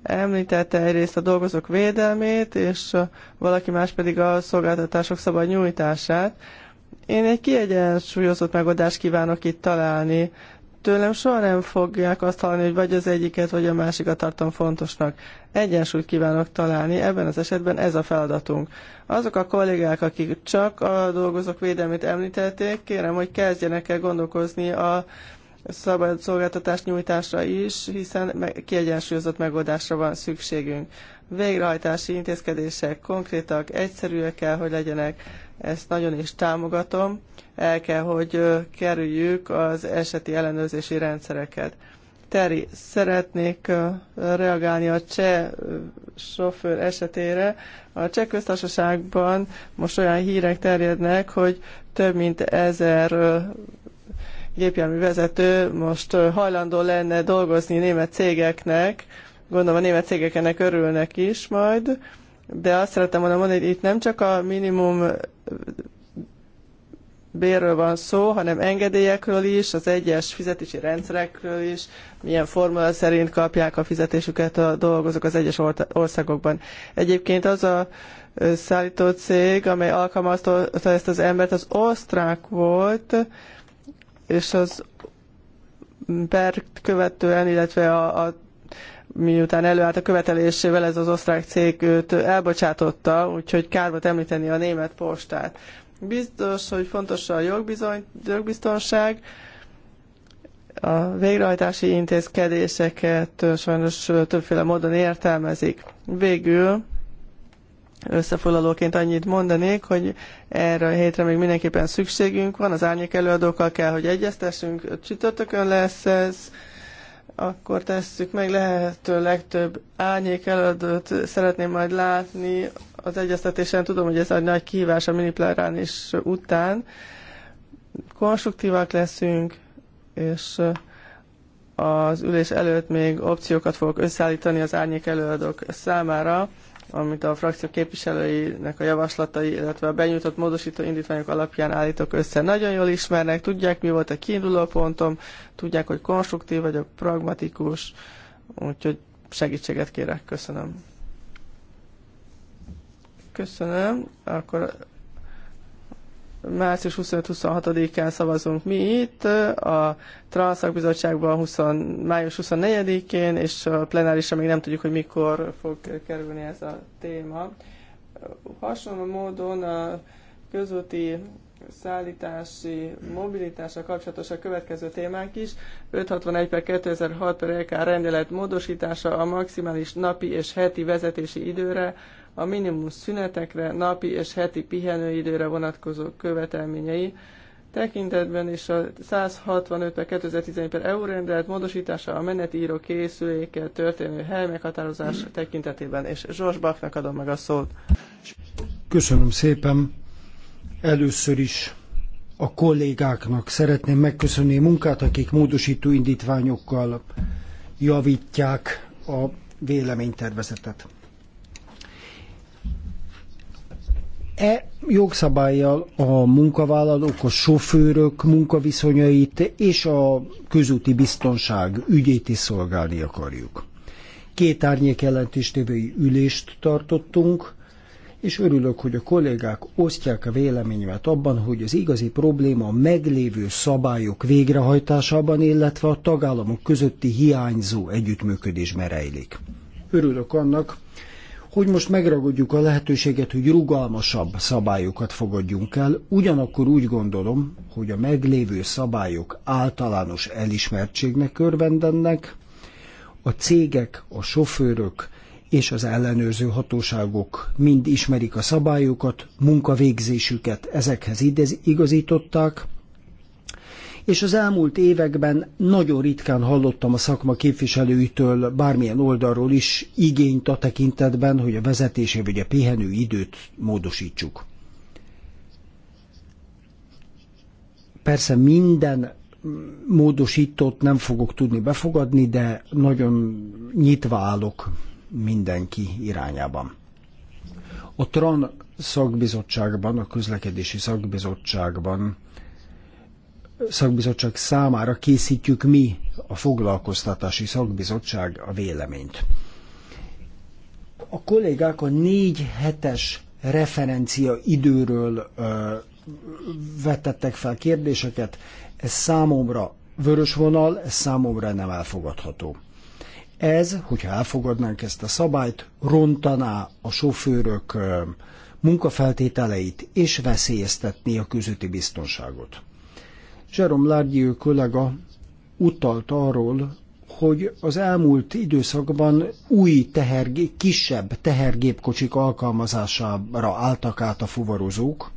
Említette egyrészt a dolgozók védelmét, és valaki más pedig a szolgáltatások szabad nyújtását. Én egy kiegyensúlyozott megoldást kívánok itt találni. Tőlem soha nem fogják azt hallani, hogy vagy az egyiket, vagy a másikat tartom fontosnak. Egyensúlyt kívánok találni, ebben az esetben ez a feladatunk. Azok a kollégák, akik csak a dolgozók védelmét említették, kérem, hogy kezdjenek el gondolkozni a szabad szolgáltatás nyújtásra is, hiszen kiegyensúlyozott megoldásra van szükségünk. Végrehajtási intézkedések konkrétak, egyszerűek kell, hogy legyenek, ezt nagyon is támogatom. El kell, hogy kerüljük az eseti ellenőrzési rendszereket. Teri, szeretnék reagálni a cseh sofőr esetére. A cseh köztársaságban most olyan hírek terjednek, hogy több mint ezer vezető most hajlandó lenne dolgozni német cégeknek, gondolom a német cégek ennek örülnek is majd, de azt szerettem volna mondani, hogy itt nem csak a minimum bérről van szó, hanem engedélyekről is, az egyes fizetési rendszerekről is, milyen formula szerint kapják a fizetésüket a dolgozók az egyes országokban. Egyébként az a szállító cég, amely alkalmazta ezt az embert, az osztrák volt, és az Berg követően, illetve a, a miután előállt a követelésével ez az osztrák cég őt elbocsátotta, úgyhogy kár volt említeni a német postát. Biztos, hogy fontos a jogbizony, jogbiztonság, a végrehajtási intézkedéseket sajnos többféle módon értelmezik. Végül Összefoglalóként annyit mondanék, hogy erre a hétre még mindenképpen szükségünk van, az árnyék előadókkal kell, hogy egyeztessünk, csütörtökön lesz ez, akkor tesszük meg, lehető legtöbb árnyék előadót szeretném majd látni az egyeztetésen. Tudom, hogy ez egy nagy kihívás a miniplárán is után. Konstruktívak leszünk, és az ülés előtt még opciókat fogok összeállítani az árnyék előadók számára, amit a frakció képviselőinek a javaslatai, illetve a benyújtott módosító indítványok alapján állítok össze. Nagyon jól ismernek, tudják, mi volt a kiinduló pontom, tudják, hogy konstruktív vagyok, pragmatikus, úgyhogy segítséget kérek. Köszönöm. Köszönöm. Akkor március 25-26-án szavazunk mi itt, a Transzakbizottságban 20, május 24-én, és a plenárisra még nem tudjuk, hogy mikor fog kerülni ez a téma. Hasonló módon a közúti szállítási mobilitásra kapcsolatos a következő témánk is. 561 per 2006 per LK rendelet módosítása a maximális napi és heti vezetési időre a minimum szünetekre, napi és heti pihenőidőre vonatkozó követelményei, tekintetben is a 165 per 2011 per EU rendelet módosítása a menetíró készülékkel történő hely meghatározás mm. tekintetében, és Zsors Baknak adom meg a szót. Köszönöm szépen. Először is a kollégáknak szeretném megköszönni a munkát, akik módosító indítványokkal javítják a véleménytervezetet. E jogszabályjal a munkavállalók, a sofőrök munkaviszonyait és a közúti biztonság ügyét is szolgálni akarjuk. Két árnyék jelentéstévői ülést tartottunk, és örülök, hogy a kollégák osztják a véleményemet abban, hogy az igazi probléma a meglévő szabályok végrehajtásában, illetve a tagállamok közötti hiányzó együttműködés merejlik. Örülök annak, hogy most megragadjuk a lehetőséget, hogy rugalmasabb szabályokat fogadjunk el, ugyanakkor úgy gondolom, hogy a meglévő szabályok általános elismertségnek örvendennek, a cégek, a sofőrök és az ellenőrző hatóságok mind ismerik a szabályokat, munkavégzésüket ezekhez igazították, és az elmúlt években nagyon ritkán hallottam a szakma képviselőitől bármilyen oldalról is igényt a tekintetben, hogy a vezetési vagy a pihenő időt módosítsuk. Persze minden módosítót nem fogok tudni befogadni, de nagyon nyitva állok mindenki irányában. A TRAN szakbizottságban, a közlekedési szakbizottságban szakbizottság számára készítjük mi, a foglalkoztatási szakbizottság a véleményt. A kollégák a négy hetes referencia időről ö, vetettek fel kérdéseket, ez számomra vörös vonal, ez számomra nem elfogadható. Ez, hogyha elfogadnánk ezt a szabályt, rontaná a sofőrök munkafeltételeit és veszélyeztetné a közötti biztonságot. Jerome Lardieu kollega utalt arról, hogy az elmúlt időszakban új tehergé, kisebb tehergépkocsik alkalmazására álltak át a fuvarozók.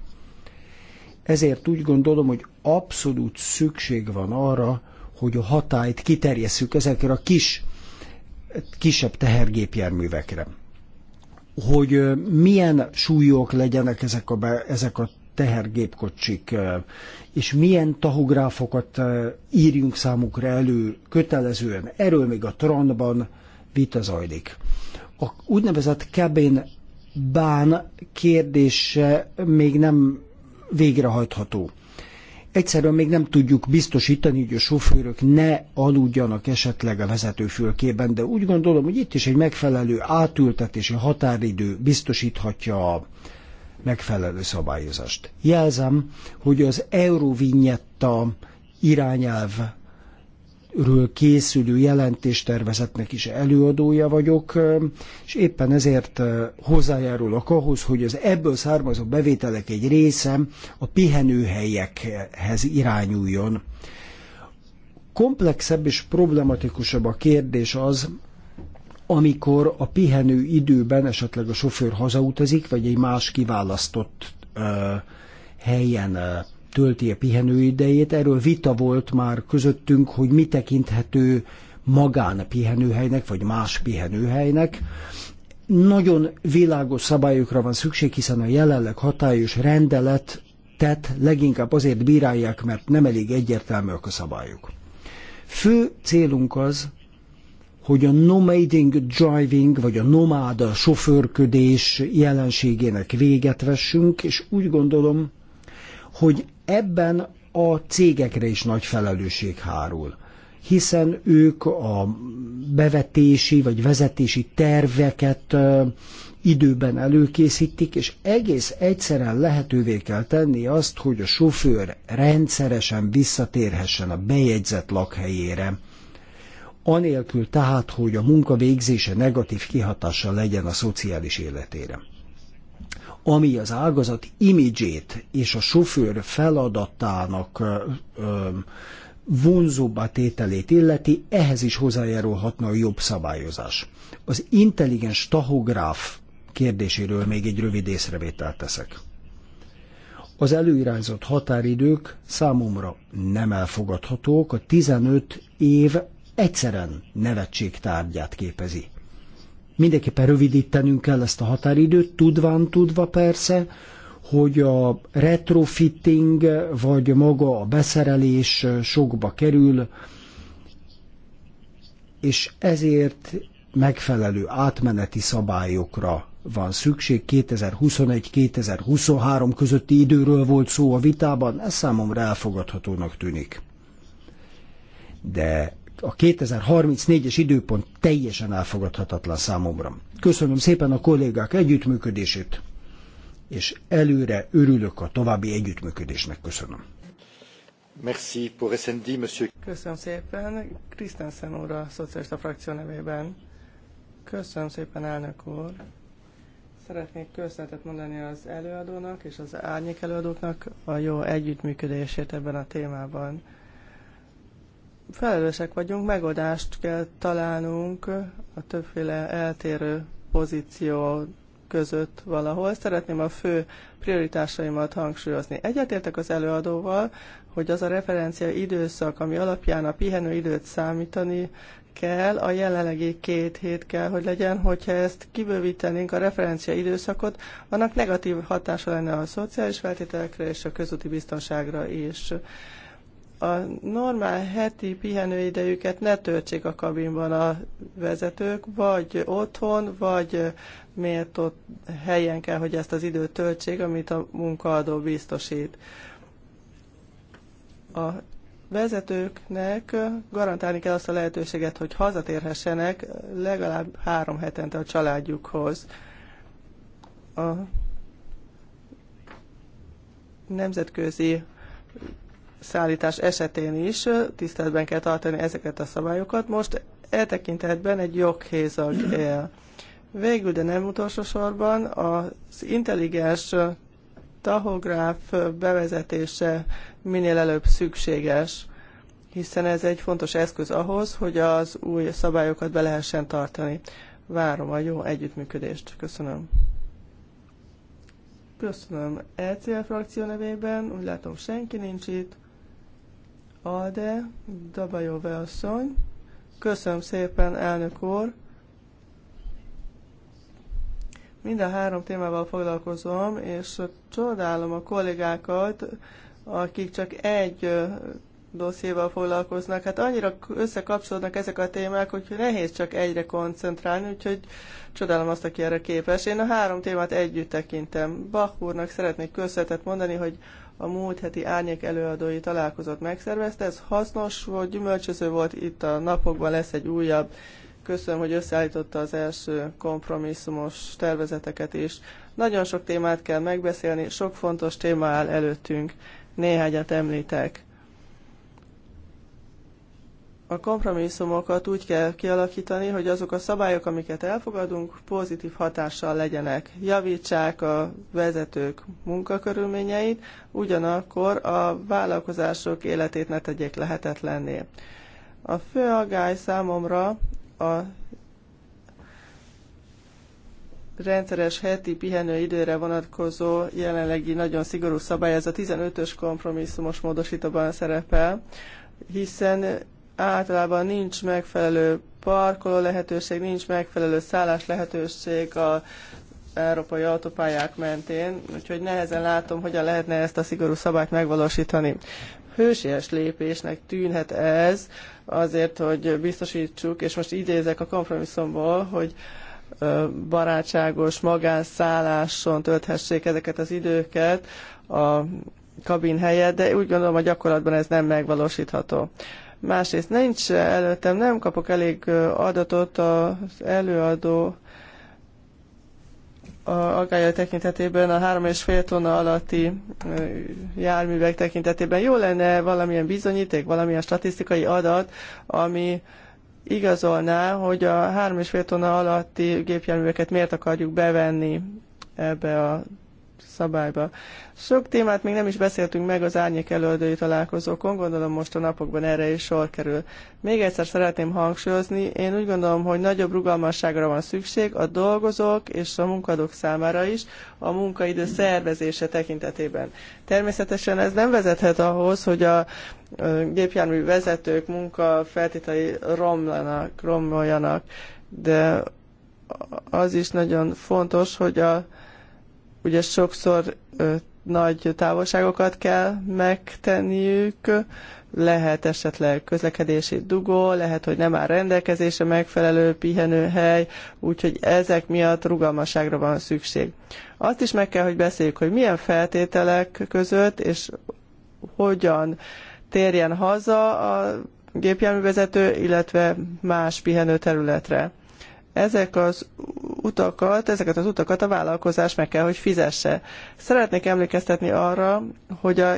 Ezért úgy gondolom, hogy abszolút szükség van arra, hogy a hatályt kiterjesszük ezekre a kis, kisebb tehergépjárművekre. Hogy milyen súlyok legyenek ezek a, be, ezek a tehergépkocsik, és milyen tahográfokat írjunk számukra elő kötelezően. Erről még a Tronban vita zajlik. A úgynevezett Kebén bán kérdése még nem végrehajtható. Egyszerűen még nem tudjuk biztosítani, hogy a sofőrök ne aludjanak esetleg a vezetőfülkében, de úgy gondolom, hogy itt is egy megfelelő átültetési határidő biztosíthatja a megfelelő szabályozást. Jelzem, hogy az Eurovignetta ről készülő jelentéstervezetnek is előadója vagyok, és éppen ezért hozzájárulok ahhoz, hogy az ebből származó bevételek egy része a pihenőhelyekhez irányuljon. Komplexebb és problematikusabb a kérdés az, amikor a pihenő időben esetleg a sofőr hazautazik, vagy egy más kiválasztott ö, helyen ö, tölti a pihenő idejét. Erről vita volt már közöttünk, hogy mi tekinthető magán pihenőhelynek, vagy más pihenőhelynek. Nagyon világos szabályokra van szükség, hiszen a jelenleg hatályos rendelet tett leginkább azért bírálják, mert nem elég egyértelműek a szabályok. Fő célunk az, hogy a nomading driving, vagy a nomád sofőrködés jelenségének véget vessünk, és úgy gondolom, hogy ebben a cégekre is nagy felelősség hárul hiszen ők a bevetési vagy vezetési terveket időben előkészítik, és egész egyszerűen lehetővé kell tenni azt, hogy a sofőr rendszeresen visszatérhessen a bejegyzett lakhelyére anélkül tehát, hogy a munka végzése negatív kihatással legyen a szociális életére. Ami az ágazat imidzsét és a sofőr feladatának ö, ö, vonzóbbá tételét illeti, ehhez is hozzájárulhatna a jobb szabályozás. Az intelligens tahográf kérdéséről még egy rövid észrevételt teszek. Az előirányzott határidők számomra nem elfogadhatók, a 15 év egyszerűen nevetség tárgyát képezi. Mindenképpen rövidítenünk kell ezt a határidőt, tudván tudva persze, hogy a retrofitting vagy maga a beszerelés sokba kerül, és ezért megfelelő átmeneti szabályokra van szükség. 2021-2023 közötti időről volt szó a vitában, ez számomra elfogadhatónak tűnik. De a 2034-es időpont teljesen elfogadhatatlan számomra. Köszönöm szépen a kollégák együttműködését, és előre örülök a további együttműködésnek. Köszönöm. Merci pour SND, monsieur. Köszönöm szépen. Krisztensen úr a szocialista frakció nevében. Köszönöm szépen, elnök úr. Szeretnék köszönetet mondani az előadónak és az árnyék előadóknak a jó együttműködését ebben a témában felelősek vagyunk, megoldást kell találnunk a többféle eltérő pozíció között valahol. Szeretném a fő prioritásaimat hangsúlyozni. Egyetértek az előadóval, hogy az a referencia időszak, ami alapján a pihenő időt számítani kell, a jelenlegi két hét kell, hogy legyen, hogyha ezt kibővítenénk a referencia időszakot, annak negatív hatása lenne a szociális feltételekre és a közúti biztonságra is. És a normál heti pihenőidejüket ne töltsék a kabinban a vezetők, vagy otthon, vagy ott helyen kell, hogy ezt az időt töltsék, amit a munkaadó biztosít. A vezetőknek garantálni kell azt a lehetőséget, hogy hazatérhessenek legalább három hetente a családjukhoz. A nemzetközi szállítás esetén is tiszteletben kell tartani ezeket a szabályokat. Most e tekintetben egy joghézag él. Végül, de nem utolsó sorban, az intelligens tahográf bevezetése minél előbb szükséges, hiszen ez egy fontos eszköz ahhoz, hogy az új szabályokat be lehessen tartani. Várom a jó együttműködést. Köszönöm. Köszönöm ECL frakció nevében, úgy látom senki nincs itt. Alde, Dabajove asszony. Köszönöm szépen, elnök úr. a három témával foglalkozom, és csodálom a kollégákat, akik csak egy dossziéval foglalkoznak. Hát annyira összekapcsolódnak ezek a témák, hogy nehéz csak egyre koncentrálni, úgyhogy csodálom azt, aki erre képes. Én a három témát együtt tekintem. Bach úrnak szeretnék köszönetet mondani, hogy a múlt heti árnyék előadói találkozót megszervezte. Ez hasznos volt, gyümölcsöző volt, itt a napokban lesz egy újabb. Köszönöm, hogy összeállította az első kompromisszumos tervezeteket is. Nagyon sok témát kell megbeszélni, sok fontos téma áll előttünk. Néhányat említek. A kompromisszumokat úgy kell kialakítani, hogy azok a szabályok, amiket elfogadunk, pozitív hatással legyenek. Javítsák a vezetők munkakörülményeit, ugyanakkor a vállalkozások életét ne tegyék lehetetlenné. A fő aggály számomra a rendszeres heti pihenőidőre vonatkozó jelenlegi nagyon szigorú szabály, ez a 15-ös kompromisszumos módosítóban szerepel, hiszen általában nincs megfelelő parkoló lehetőség, nincs megfelelő szállás lehetőség a európai autópályák mentén, úgyhogy nehezen látom, hogyan lehetne ezt a szigorú szabályt megvalósítani. Hősies lépésnek tűnhet ez, azért, hogy biztosítsuk, és most idézek a kompromisszumból, hogy barátságos magánszálláson tölthessék ezeket az időket a kabin helyett, de úgy gondolom, hogy gyakorlatban ez nem megvalósítható. Másrészt nincs előttem, nem kapok elég adatot az előadó a aggája tekintetében a három és fél tonna alatti járművek tekintetében jó lenne valamilyen bizonyíték, valamilyen statisztikai adat, ami igazolná, hogy a három és fél tonna alatti gépjárműveket miért akarjuk bevenni ebbe a szabályba. Sok témát még nem is beszéltünk meg az árnyék előadói találkozókon, gondolom most a napokban erre is sor kerül. Még egyszer szeretném hangsúlyozni, én úgy gondolom, hogy nagyobb rugalmasságra van szükség a dolgozók és a munkadók számára is a munkaidő szervezése tekintetében. Természetesen ez nem vezethet ahhoz, hogy a gépjármű vezetők munka feltételei romlanak, romoljanak, de az is nagyon fontos, hogy a Ugye sokszor nagy távolságokat kell megtenniük, lehet esetleg közlekedési dugó, lehet, hogy nem áll rendelkezésre megfelelő pihenőhely, úgyhogy ezek miatt rugalmasságra van szükség. Azt is meg kell, hogy beszéljük, hogy milyen feltételek között és hogyan térjen haza a gépjárművezető, illetve más pihenőterületre ezek az utakat, ezeket az utakat a vállalkozás meg kell, hogy fizesse. Szeretnék emlékeztetni arra, hogy a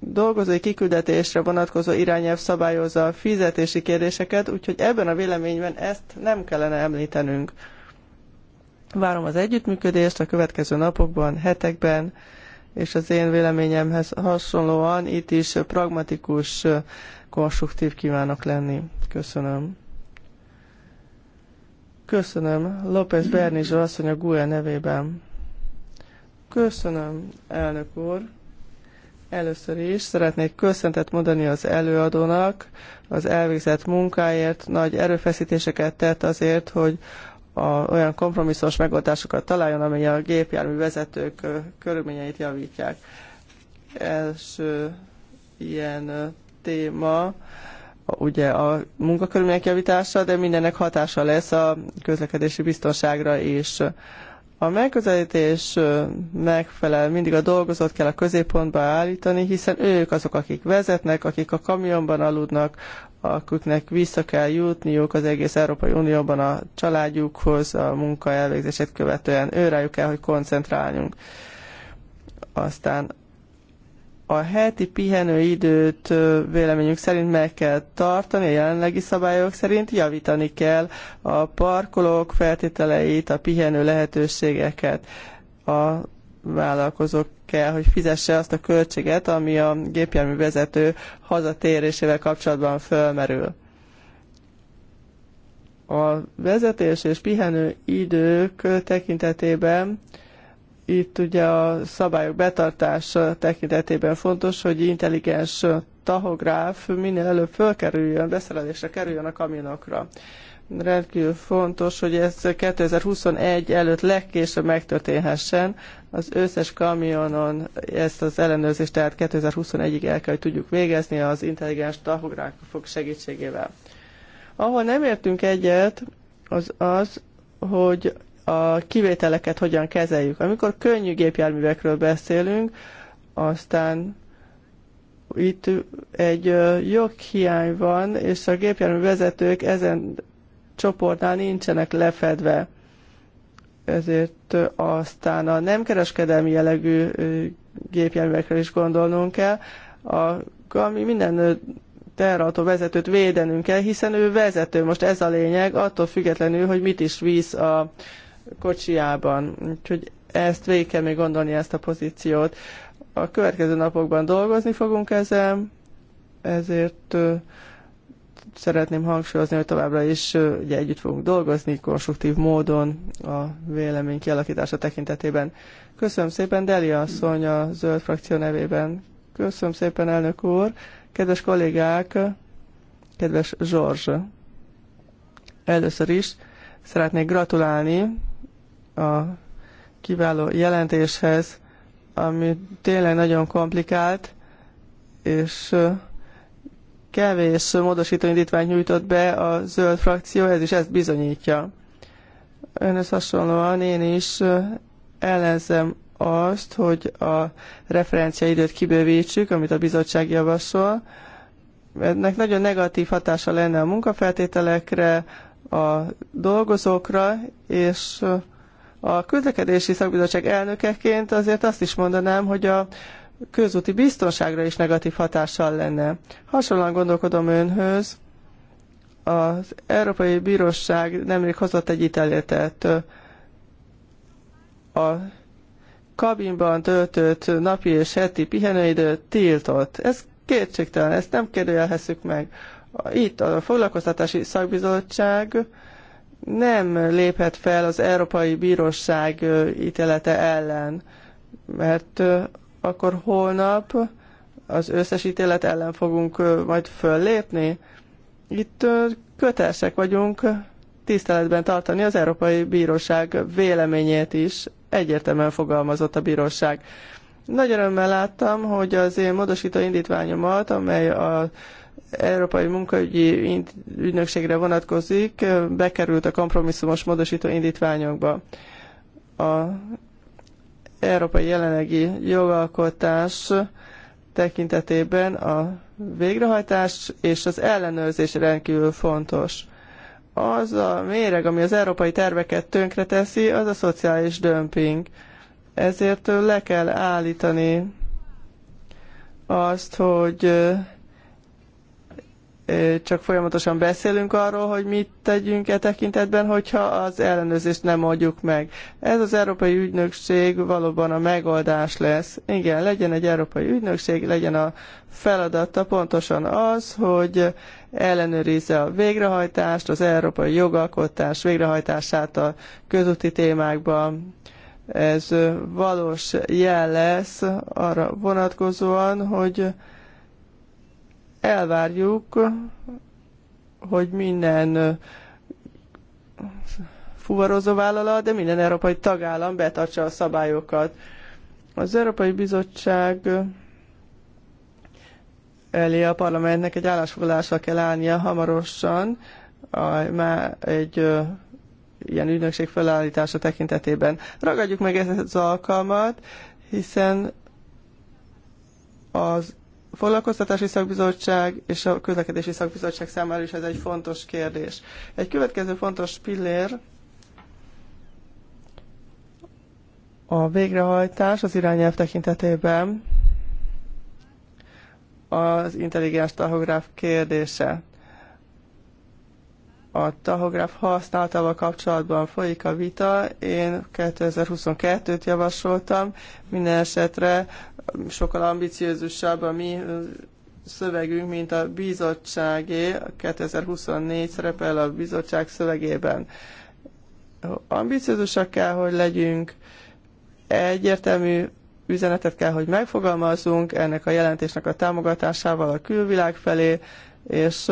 dolgozói kiküldetésre vonatkozó irányelv szabályozza a fizetési kérdéseket, úgyhogy ebben a véleményben ezt nem kellene említenünk. Várom az együttműködést a következő napokban, hetekben, és az én véleményemhez hasonlóan itt is pragmatikus, konstruktív kívánok lenni. Köszönöm. Köszönöm. López Bernizsa asszony a GUE nevében. Köszönöm, elnök úr. Először is szeretnék köszöntet mondani az előadónak. Az elvégzett munkáért nagy erőfeszítéseket tett azért, hogy a, olyan kompromisszós megoldásokat találjon, amely a gépjármű vezetők körülményeit javítják. Első ilyen téma ugye a munkakörülmények javítása, de mindennek hatása lesz a közlekedési biztonságra is. A megközelítés megfelel, mindig a dolgozót kell a középpontba állítani, hiszen ők azok, akik vezetnek, akik a kamionban aludnak, akiknek vissza kell jutniuk az egész Európai Unióban a családjukhoz, a munka elvégzését követően. Őrájuk kell, hogy koncentráljunk. Aztán a heti pihenőidőt véleményünk szerint meg kell tartani, a jelenlegi szabályok szerint javítani kell a parkolók feltételeit, a pihenő lehetőségeket. A vállalkozók kell, hogy fizesse azt a költséget, ami a gépjármű vezető hazatérésével kapcsolatban fölmerül. A vezetés és pihenő idők tekintetében itt ugye a szabályok betartása tekintetében fontos, hogy intelligens tahográf minél előbb fölkerüljön, beszerelésre kerüljön a kamionokra. Rendkívül fontos, hogy ez 2021 előtt legkésőbb megtörténhessen. Az összes kamionon ezt az ellenőrzést tehát 2021-ig el kell, hogy tudjuk végezni az intelligens tahográfok segítségével. Ahol nem értünk egyet, az az, hogy a kivételeket hogyan kezeljük. Amikor könnyű gépjárművekről beszélünk, aztán itt egy joghiány van, és a gépjármű vezetők ezen csoportnál nincsenek lefedve. Ezért aztán a nem kereskedelmi jellegű gépjárművekre is gondolnunk kell. A, ami minden terrautó vezetőt védenünk kell, hiszen ő vezető. Most ez a lényeg, attól függetlenül, hogy mit is víz a kocsiában. Úgyhogy ezt végig kell még gondolni, ezt a pozíciót. A következő napokban dolgozni fogunk ezzel, ezért szeretném hangsúlyozni, hogy továbbra is ugye, együtt fogunk dolgozni konstruktív módon a vélemény kialakítása tekintetében. Köszönöm szépen Deli asszony a zöld frakció nevében. Köszönöm szépen, elnök úr. Kedves kollégák, kedves Zsorzs, először is szeretnék gratulálni a kiváló jelentéshez, ami tényleg nagyon komplikált, és kevés módosító indítványt nyújtott be a zöld frakció, ez is ezt bizonyítja. Önhöz hasonlóan én is ellenzem azt, hogy a referenciaidőt kibővítsük, amit a bizottság javasol. Ennek nagyon negatív hatása lenne a munkafeltételekre, a dolgozókra, és a közlekedési szakbizottság elnökeként azért azt is mondanám, hogy a közúti biztonságra is negatív hatással lenne. Hasonlóan gondolkodom önhöz. Az Európai Bíróság nemrég hozott egy ítéletet a kabinban töltött napi és heti pihenőidő tiltott. Ez kétségtelen, ezt nem kérdőjelhesszük meg. Itt a foglalkoztatási szakbizottság nem léphet fel az Európai Bíróság ítélete ellen, mert akkor holnap az összes ítélet ellen fogunk majd föllépni. Itt kötelesek vagyunk tiszteletben tartani az Európai Bíróság véleményét is, egyértelműen fogalmazott a bíróság. Nagy örömmel láttam, hogy az én módosító indítványomat, amely a Európai Munkaügyi Ügynökségre vonatkozik, bekerült a kompromisszumos módosító indítványokba. A európai jelenlegi jogalkotás tekintetében a végrehajtás és az ellenőrzés rendkívül fontos. Az a méreg, ami az európai terveket tönkreteszi, az a szociális dömping. Ezért le kell állítani azt, hogy csak folyamatosan beszélünk arról, hogy mit tegyünk e tekintetben, hogyha az ellenőrzést nem adjuk meg. Ez az Európai Ügynökség valóban a megoldás lesz. Igen, legyen egy Európai Ügynökség, legyen a feladata pontosan az, hogy ellenőrizze a végrehajtást, az európai jogalkotás végrehajtását a közúti témákban. Ez valós jel lesz arra vonatkozóan, hogy elvárjuk, hogy minden fuvarozó vállalat, de minden európai tagállam betartsa a szabályokat. Az Európai Bizottság elé a parlamentnek egy állásfoglalással kell állnia hamarosan, a, már egy ö, ilyen ügynökség felállítása tekintetében. Ragadjuk meg ezt az alkalmat, hiszen az foglalkoztatási szakbizottság és a közlekedési szakbizottság számára is ez egy fontos kérdés. Egy következő fontos pillér a végrehajtás az irányelv tekintetében az intelligens tahográf kérdése a tahográf használatával kapcsolatban folyik a vita. Én 2022-t javasoltam, minden esetre sokkal ambiciózusabb a mi szövegünk, mint a bizottságé. 2024 szerepel a bizottság szövegében. Ambiciózusak kell, hogy legyünk, egyértelmű üzenetet kell, hogy megfogalmazzunk ennek a jelentésnek a támogatásával a külvilág felé, és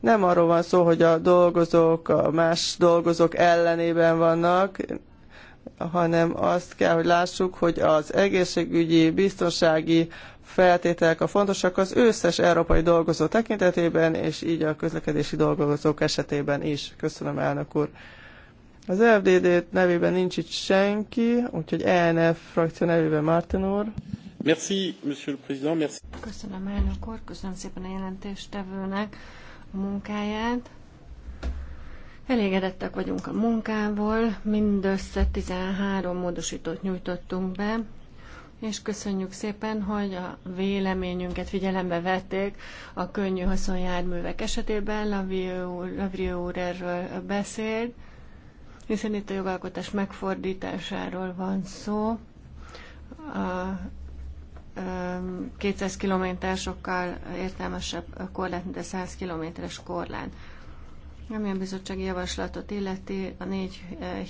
nem arról van szó, hogy a dolgozók a más dolgozók ellenében vannak, hanem azt kell, hogy lássuk, hogy az egészségügyi, biztonsági feltételek a fontosak az összes európai dolgozó tekintetében, és így a közlekedési dolgozók esetében is. Köszönöm, elnök úr. Az FDD nevében nincs itt senki, úgyhogy ENF frakció nevében Martin úr. Merci, monsieur le président, merci. Köszönöm, elnök úr, köszönöm szépen a jelentéstevőnek munkáját. Elégedettek vagyunk a munkával, mindössze 13 módosítót nyújtottunk be, és köszönjük szépen, hogy a véleményünket figyelembe vették a könnyű haszonjárművek esetében. Lavrio úr erről beszélt, hiszen itt a jogalkotás megfordításáról van szó. A 200 kilométer sokkal értelmesebb korlát, mint a 100 kilométeres korlát. Ami a bizottsági javaslatot illeti, a 4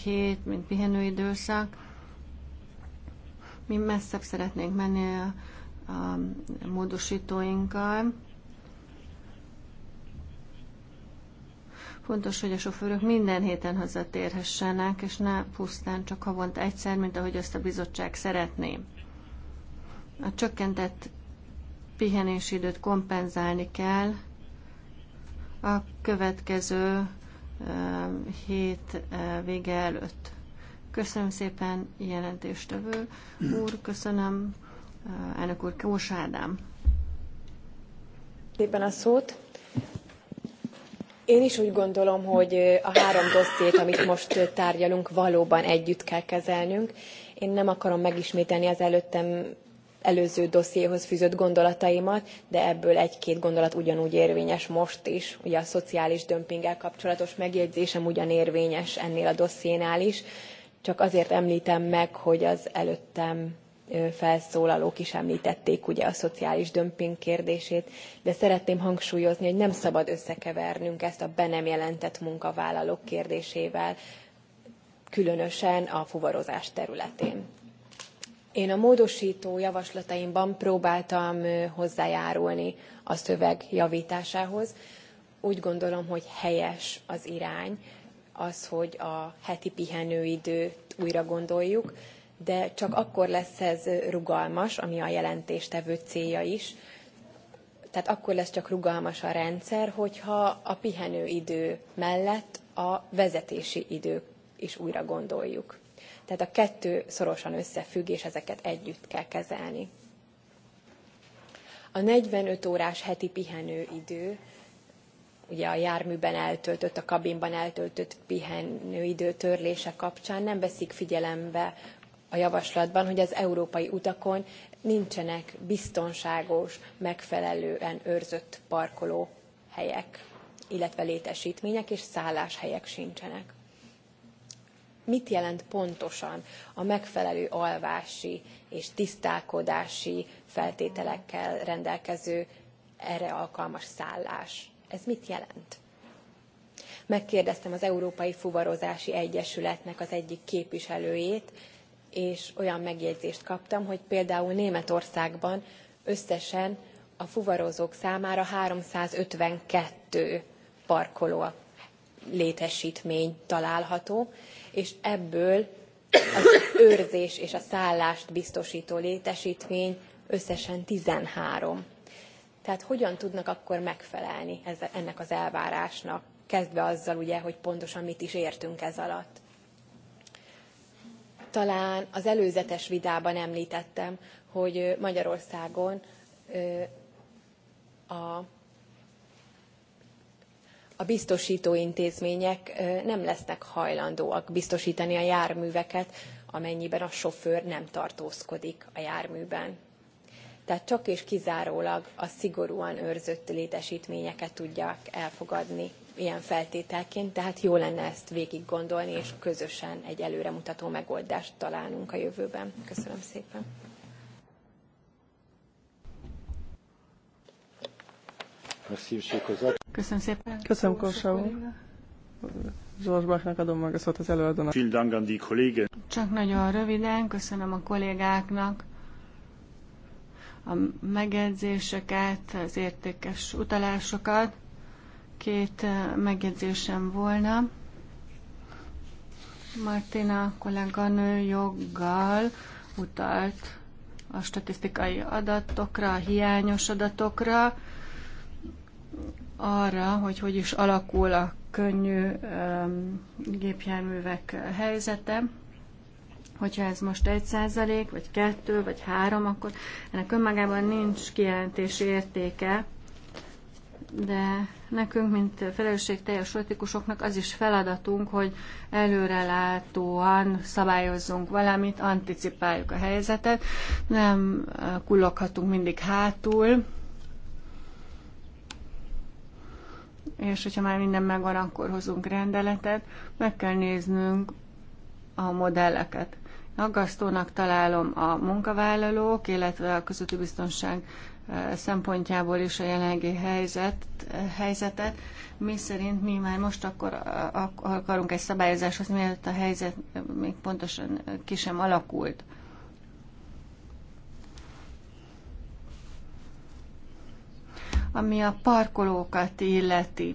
hét, mint pihenőidőszak, mi messzebb szeretnénk menni a, a módosítóinkkal. Fontos, hogy a sofőrök minden héten hazatérhessenek, és ne pusztán csak havonta egyszer, mint ahogy azt a bizottság szeretné. A csökkentett pihenési időt kompenzálni kell a következő hét vége előtt. Köszönöm szépen, jelentéstevő úr, köszönöm, elnök úr, Kós Ádám. Szépen a szót. Én is úgy gondolom, hogy a három dossziét, amit most tárgyalunk, valóban együtt kell kezelnünk. Én nem akarom megismételni az előttem előző dossziéhoz fűzött gondolataimat, de ebből egy-két gondolat ugyanúgy érvényes most is. Ugye a szociális dömpinggel kapcsolatos megjegyzésem ugyan érvényes ennél a dossziénál is. Csak azért említem meg, hogy az előttem felszólalók is említették ugye a szociális dömping kérdését, de szeretném hangsúlyozni, hogy nem szabad összekevernünk ezt a be nem jelentett munkavállalók kérdésével, különösen a fuvarozás területén. Én a módosító javaslataimban próbáltam hozzájárulni a szöveg javításához. Úgy gondolom, hogy helyes az irány, az, hogy a heti pihenőidőt újra gondoljuk, de csak akkor lesz ez rugalmas, ami a jelentéstevő célja is. Tehát akkor lesz csak rugalmas a rendszer, hogyha a pihenőidő mellett a vezetési idő is újra gondoljuk. Tehát a kettő szorosan összefügg, és ezeket együtt kell kezelni. A 45 órás heti pihenőidő, ugye a járműben eltöltött, a kabinban eltöltött pihenőidő törlése kapcsán nem veszik figyelembe a javaslatban, hogy az európai utakon nincsenek biztonságos, megfelelően őrzött helyek, illetve létesítmények és szálláshelyek sincsenek mit jelent pontosan a megfelelő alvási és tisztálkodási feltételekkel rendelkező erre alkalmas szállás. Ez mit jelent? Megkérdeztem az Európai Fuvarozási Egyesületnek az egyik képviselőjét, és olyan megjegyzést kaptam, hogy például Németországban összesen a fuvarozók számára 352 parkoló létesítmény található, és ebből az őrzés és a szállást biztosító létesítmény összesen 13. Tehát hogyan tudnak akkor megfelelni ennek az elvárásnak, kezdve azzal ugye, hogy pontosan mit is értünk ez alatt. Talán az előzetes vidában említettem, hogy Magyarországon a a biztosító intézmények nem lesznek hajlandóak biztosítani a járműveket, amennyiben a sofőr nem tartózkodik a járműben. Tehát csak és kizárólag a szigorúan őrzött létesítményeket tudják elfogadni ilyen feltételként, tehát jó lenne ezt végig gondolni, és közösen egy előremutató megoldást találnunk a jövőben. Köszönöm szépen. Köszönöm szépen. Köszönöm, Korsa úr. Zsors Bachnak adom meg a szót az előadónak. Csak nagyon röviden, köszönöm a kollégáknak a megjegyzéseket, az értékes utalásokat. Két eh, megjegyzésem volna. Martina kolléganő joggal utalt a statisztikai adatokra, a hiányos adatokra, arra, hogy hogy is alakul a könnyű gépjárművek helyzete. Hogyha ez most egy százalék, vagy 2, vagy 3, akkor ennek önmagában nincs kijelentési értéke, de nekünk, mint felelősségteljes politikusoknak az is feladatunk, hogy előrelátóan szabályozzunk valamit, anticipáljuk a helyzetet, nem kulloghatunk mindig hátul, és hogyha már minden megvan, akkor hozunk rendeletet, meg kell néznünk a modelleket. Aggasztónak találom a munkavállalók, illetve a közötti biztonság szempontjából is a jelenlegi helyzet, helyzetet, mi szerint mi már most akkor akarunk egy szabályozáshoz, mielőtt a helyzet még pontosan ki sem alakult. ami a parkolókat illeti.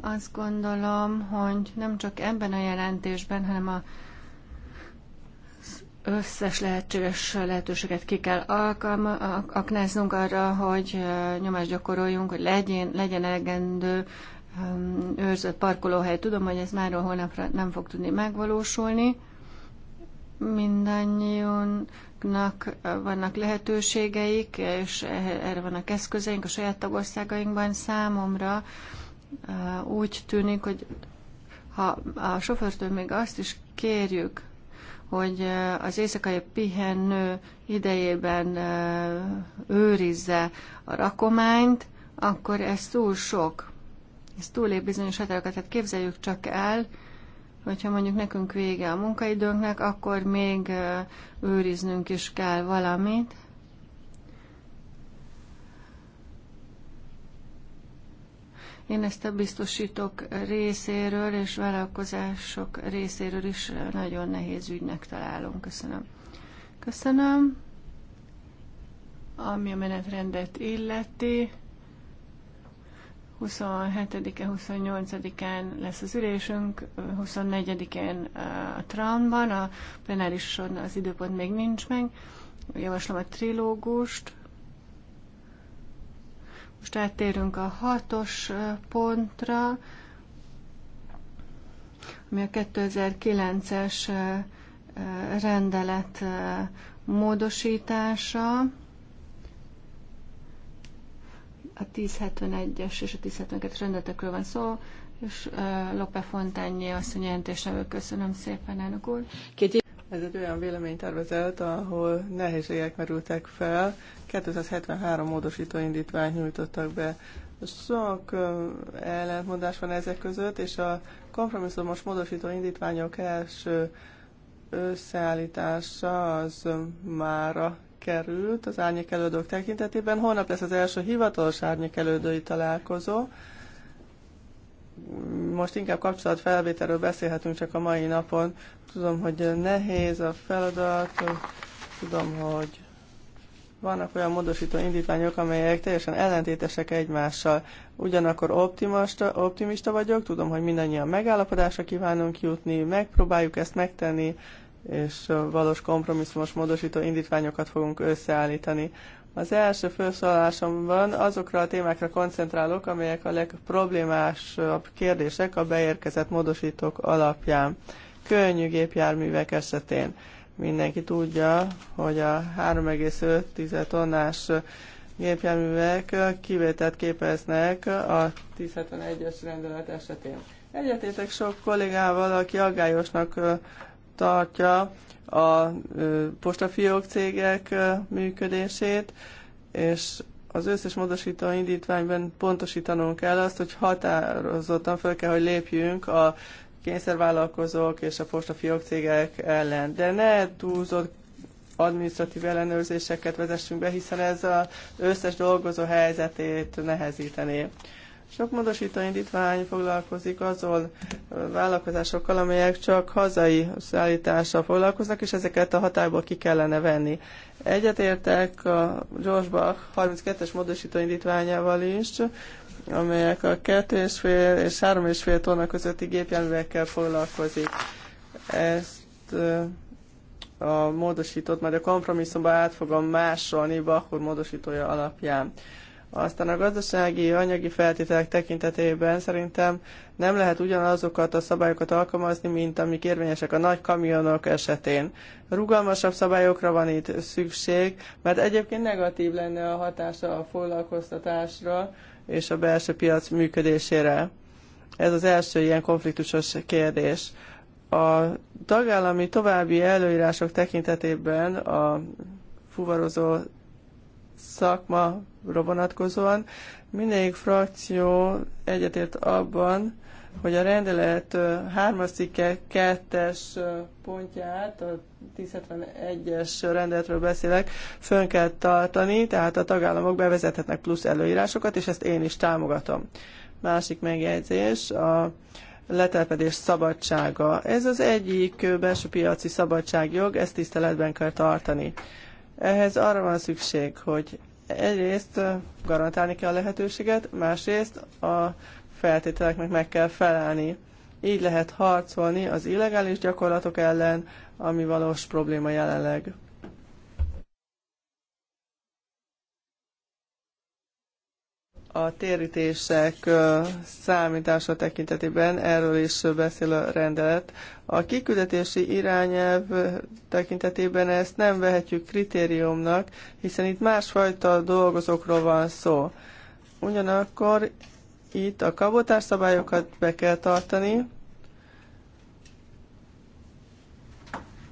Azt gondolom, hogy nem csak ebben a jelentésben, hanem a összes lehetséges lehetőséget ki kell aknáznunk arra, hogy nyomást gyakoroljunk, hogy legyen, legyen elegendő őrzött parkolóhely. Tudom, hogy ez már holnapra nem fog tudni megvalósulni. Mindannyian Nak vannak lehetőségeik, és erre vannak eszközeink a saját tagországainkban. Számomra uh, úgy tűnik, hogy ha a sofőrtől még azt is kérjük, hogy uh, az éjszakai pihenő idejében uh, őrizze a rakományt, akkor ez túl sok. Ez túlép bizonyos határokat. Tehát képzeljük csak el, hogyha mondjuk nekünk vége a munkaidőnknek, akkor még őriznünk is kell valamit. Én ezt a biztosítók részéről és vállalkozások részéről is nagyon nehéz ügynek találom. Köszönöm. Köszönöm. Ami a menetrendet illeti, 27 28-án lesz az ülésünk, 24-én a Traunban, a plenáris sorna az időpont még nincs meg. Javaslom a trilógust. Most áttérünk a hatos pontra, ami a 2009-es rendelet módosítása a 1071-es és a 1072-es rendetekről van szó, és uh, Lope Fontányi a jelentéstevő. Köszönöm szépen, elnök úr. Két ez egy olyan véleménytervezet, ahol nehézségek merültek fel. 273 módosító indítványt nyújtottak be. Sok ellentmondás van ezek között, és a kompromisszumos módosító indítványok első összeállítása az mára került az árnyékelődők tekintetében. Holnap lesz az első hivatalos árnyékelődői találkozó. Most inkább kapcsolatfelvételről beszélhetünk csak a mai napon. Tudom, hogy nehéz a feladat, tudom, hogy vannak olyan módosító indítványok, amelyek teljesen ellentétesek egymással. Ugyanakkor optimista, optimista vagyok, tudom, hogy mindannyian megállapodásra kívánunk jutni, megpróbáljuk ezt megtenni, és valós kompromisszumos módosító indítványokat fogunk összeállítani. Az első felszólalásomban azokra a témákra koncentrálok, amelyek a legproblémásabb kérdések a beérkezett módosítók alapján. Könnyű gépjárművek esetén mindenki tudja, hogy a 3,5 tonnás gépjárművek kivételt képeznek a 1071-es rendelet esetén. Egyetétek sok kollégával, aki aggályosnak tartja a postafiók cégek működését, és az összes módosító indítványban pontosítanunk kell azt, hogy határozottan fel kell, hogy lépjünk a kényszervállalkozók és a postafiók cégek ellen. De ne túlzott administratív ellenőrzéseket vezessünk be, hiszen ez az összes dolgozó helyzetét nehezítené. Sok módosító indítvány foglalkozik azon vállalkozásokkal, amelyek csak hazai szállítással foglalkoznak, és ezeket a hatályból ki kellene venni. Egyetértek a George Bach 32-es módosító indítványával is, amelyek a 2,5 és 3,5 tonna közötti gépjárművekkel foglalkozik. Ezt a módosítót majd a kompromisszumba át fogom másolni Bachur módosítója alapján. Aztán a gazdasági, anyagi feltételek tekintetében szerintem nem lehet ugyanazokat a szabályokat alkalmazni, mint amik érvényesek a nagy kamionok esetén. Rugalmasabb szabályokra van itt szükség, mert egyébként negatív lenne a hatása a foglalkoztatásra és a belső piac működésére. Ez az első ilyen konfliktusos kérdés. A tagállami további előírások tekintetében a fuvarozó szakma vonatkozóan. Mindegyik frakció egyetért abban, hogy a rendelet 3 cikke 2 pontját, a 1071-es rendeletről beszélek, fönn kell tartani, tehát a tagállamok bevezethetnek plusz előírásokat, és ezt én is támogatom. Másik megjegyzés, a letelepedés szabadsága. Ez az egyik belső piaci szabadságjog, ezt tiszteletben kell tartani. Ehhez arra van szükség, hogy egyrészt garantálni kell a lehetőséget, másrészt a feltételeknek meg kell felállni, Így lehet harcolni az illegális gyakorlatok ellen, ami valós probléma jelenleg. a térítések számítása tekintetében, erről is beszél a rendelet. A kiküldetési irányelv tekintetében ezt nem vehetjük kritériumnak, hiszen itt másfajta dolgozókról van szó. Ugyanakkor itt a kabotárszabályokat szabályokat be kell tartani,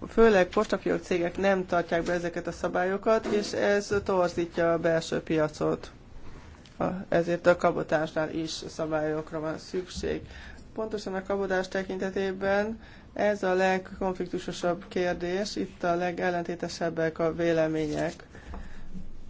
főleg postafiók cégek nem tartják be ezeket a szabályokat, és ez torzítja a belső piacot ezért a kabotásnál is szabályokra van szükség. Pontosan a kabotás tekintetében ez a legkonfliktusosabb kérdés, itt a legellentétesebbek a vélemények.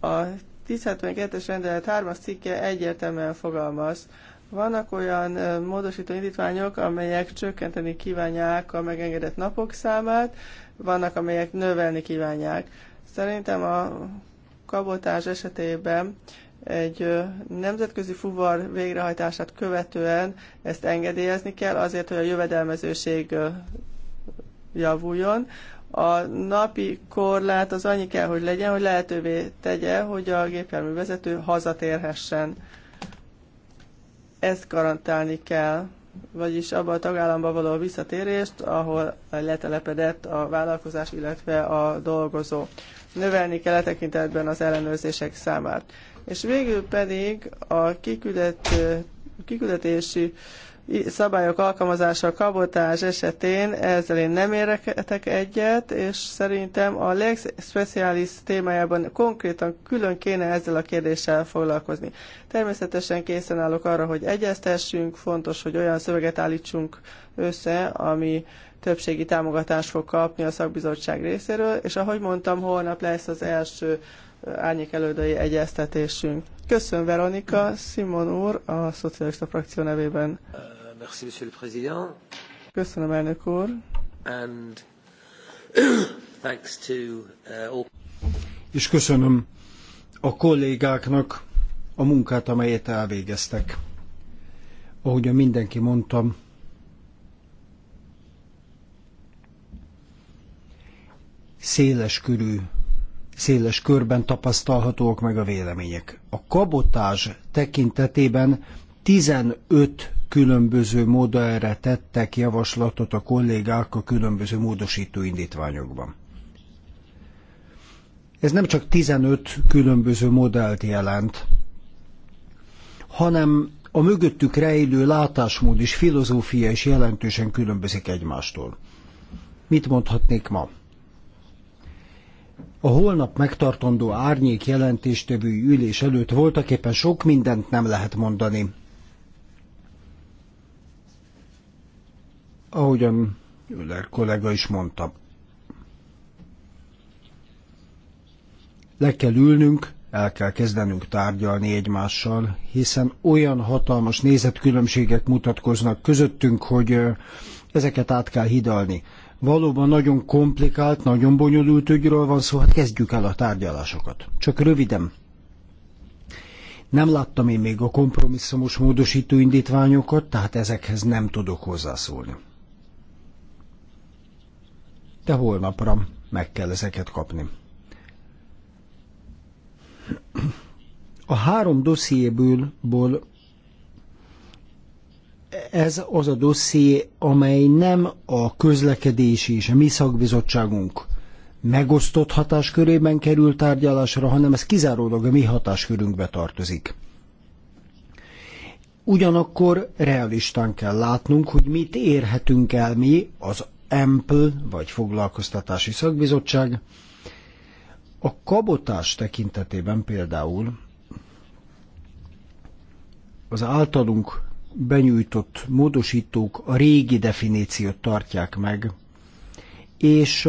A 1072-es rendelet 3-as cikke egyértelműen fogalmaz. Vannak olyan módosító indítványok, amelyek csökkenteni kívánják a megengedett napok számát, vannak, amelyek növelni kívánják. Szerintem a kabotás esetében egy nemzetközi fuvar végrehajtását követően ezt engedélyezni kell azért, hogy a jövedelmezőség javuljon. A napi korlát az annyi kell, hogy legyen, hogy lehetővé tegye, hogy a gépjárművezető hazatérhessen. Ezt garantálni kell, vagyis abban a tagállamba való visszatérést, ahol letelepedett a vállalkozás, illetve a dolgozó. Növelni kell a tekintetben az ellenőrzések számát és végül pedig a kiküldet, kiküldetési szabályok alkalmazása a kabotás esetén ezzel én nem éreketek egyet, és szerintem a Lex Specialis témájában konkrétan külön kéne ezzel a kérdéssel foglalkozni. Természetesen készen állok arra, hogy egyeztessünk, fontos, hogy olyan szöveget állítsunk össze, ami többségi támogatást fog kapni a szakbizottság részéről, és ahogy mondtam, holnap lesz az első árnyék elődei egyeztetésünk. Köszönöm Veronika, Simon úr a szocialista frakció nevében. Euh, köszönöm elnök úr. Uh, És köszönöm a kollégáknak a munkát, amelyet elvégeztek. Ahogyan mindenki mondtam, széles körű széles körben tapasztalhatóak meg a vélemények. A kabotás tekintetében 15 különböző modellre tettek javaslatot a kollégák a különböző módosító indítványokban. Ez nem csak 15 különböző modellt jelent, hanem a mögöttük rejlő látásmód és filozófia is jelentősen különbözik egymástól. Mit mondhatnék ma? a holnap megtartandó árnyék jelentéstevő ülés előtt voltak éppen sok mindent nem lehet mondani. Ahogyan Öller kollega is mondta. Le kell ülnünk, el kell kezdenünk tárgyalni egymással, hiszen olyan hatalmas nézetkülönbségek mutatkoznak közöttünk, hogy ezeket át kell hidalni. Valóban nagyon komplikált, nagyon bonyolult ügyről van szó, hát kezdjük el a tárgyalásokat. Csak röviden. Nem láttam én még a kompromisszumos módosító indítványokat, tehát ezekhez nem tudok hozzászólni. De holnapra meg kell ezeket kapni. A három dossziéből ez az a dosszié, amely nem a közlekedési és a mi szakbizottságunk megosztott hatáskörében kerül tárgyalásra, hanem ez kizárólag a mi hatáskörünkbe tartozik. Ugyanakkor realistán kell látnunk, hogy mit érhetünk el mi, az EMPL, vagy Foglalkoztatási Szakbizottság. A kabotás tekintetében például az általunk benyújtott módosítók a régi definíciót tartják meg, és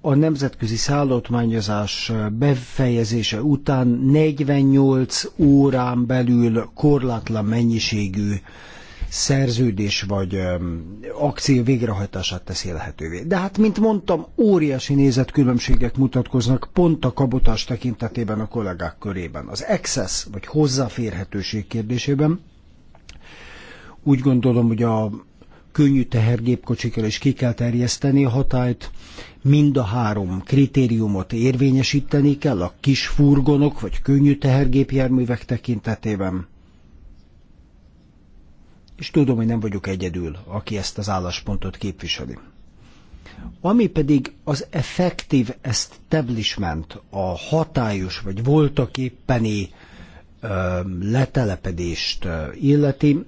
a nemzetközi szállatmányozás befejezése után 48 órán belül korlátlan mennyiségű szerződés vagy akció végrehajtását teszi lehetővé. De hát, mint mondtam, óriási nézetkülönbségek mutatkoznak pont a kabotás tekintetében a kollégák körében. Az access vagy hozzáférhetőség kérdésében úgy gondolom, hogy a könnyű tehergépkocsikra is ki kell terjeszteni a hatályt, mind a három kritériumot érvényesíteni kell a kis furgonok vagy könnyű tehergépjárművek tekintetében és tudom, hogy nem vagyok egyedül, aki ezt az álláspontot képviseli. Ami pedig az effektív establishment, a hatályos vagy voltak éppeni ö, letelepedést ö, illeti,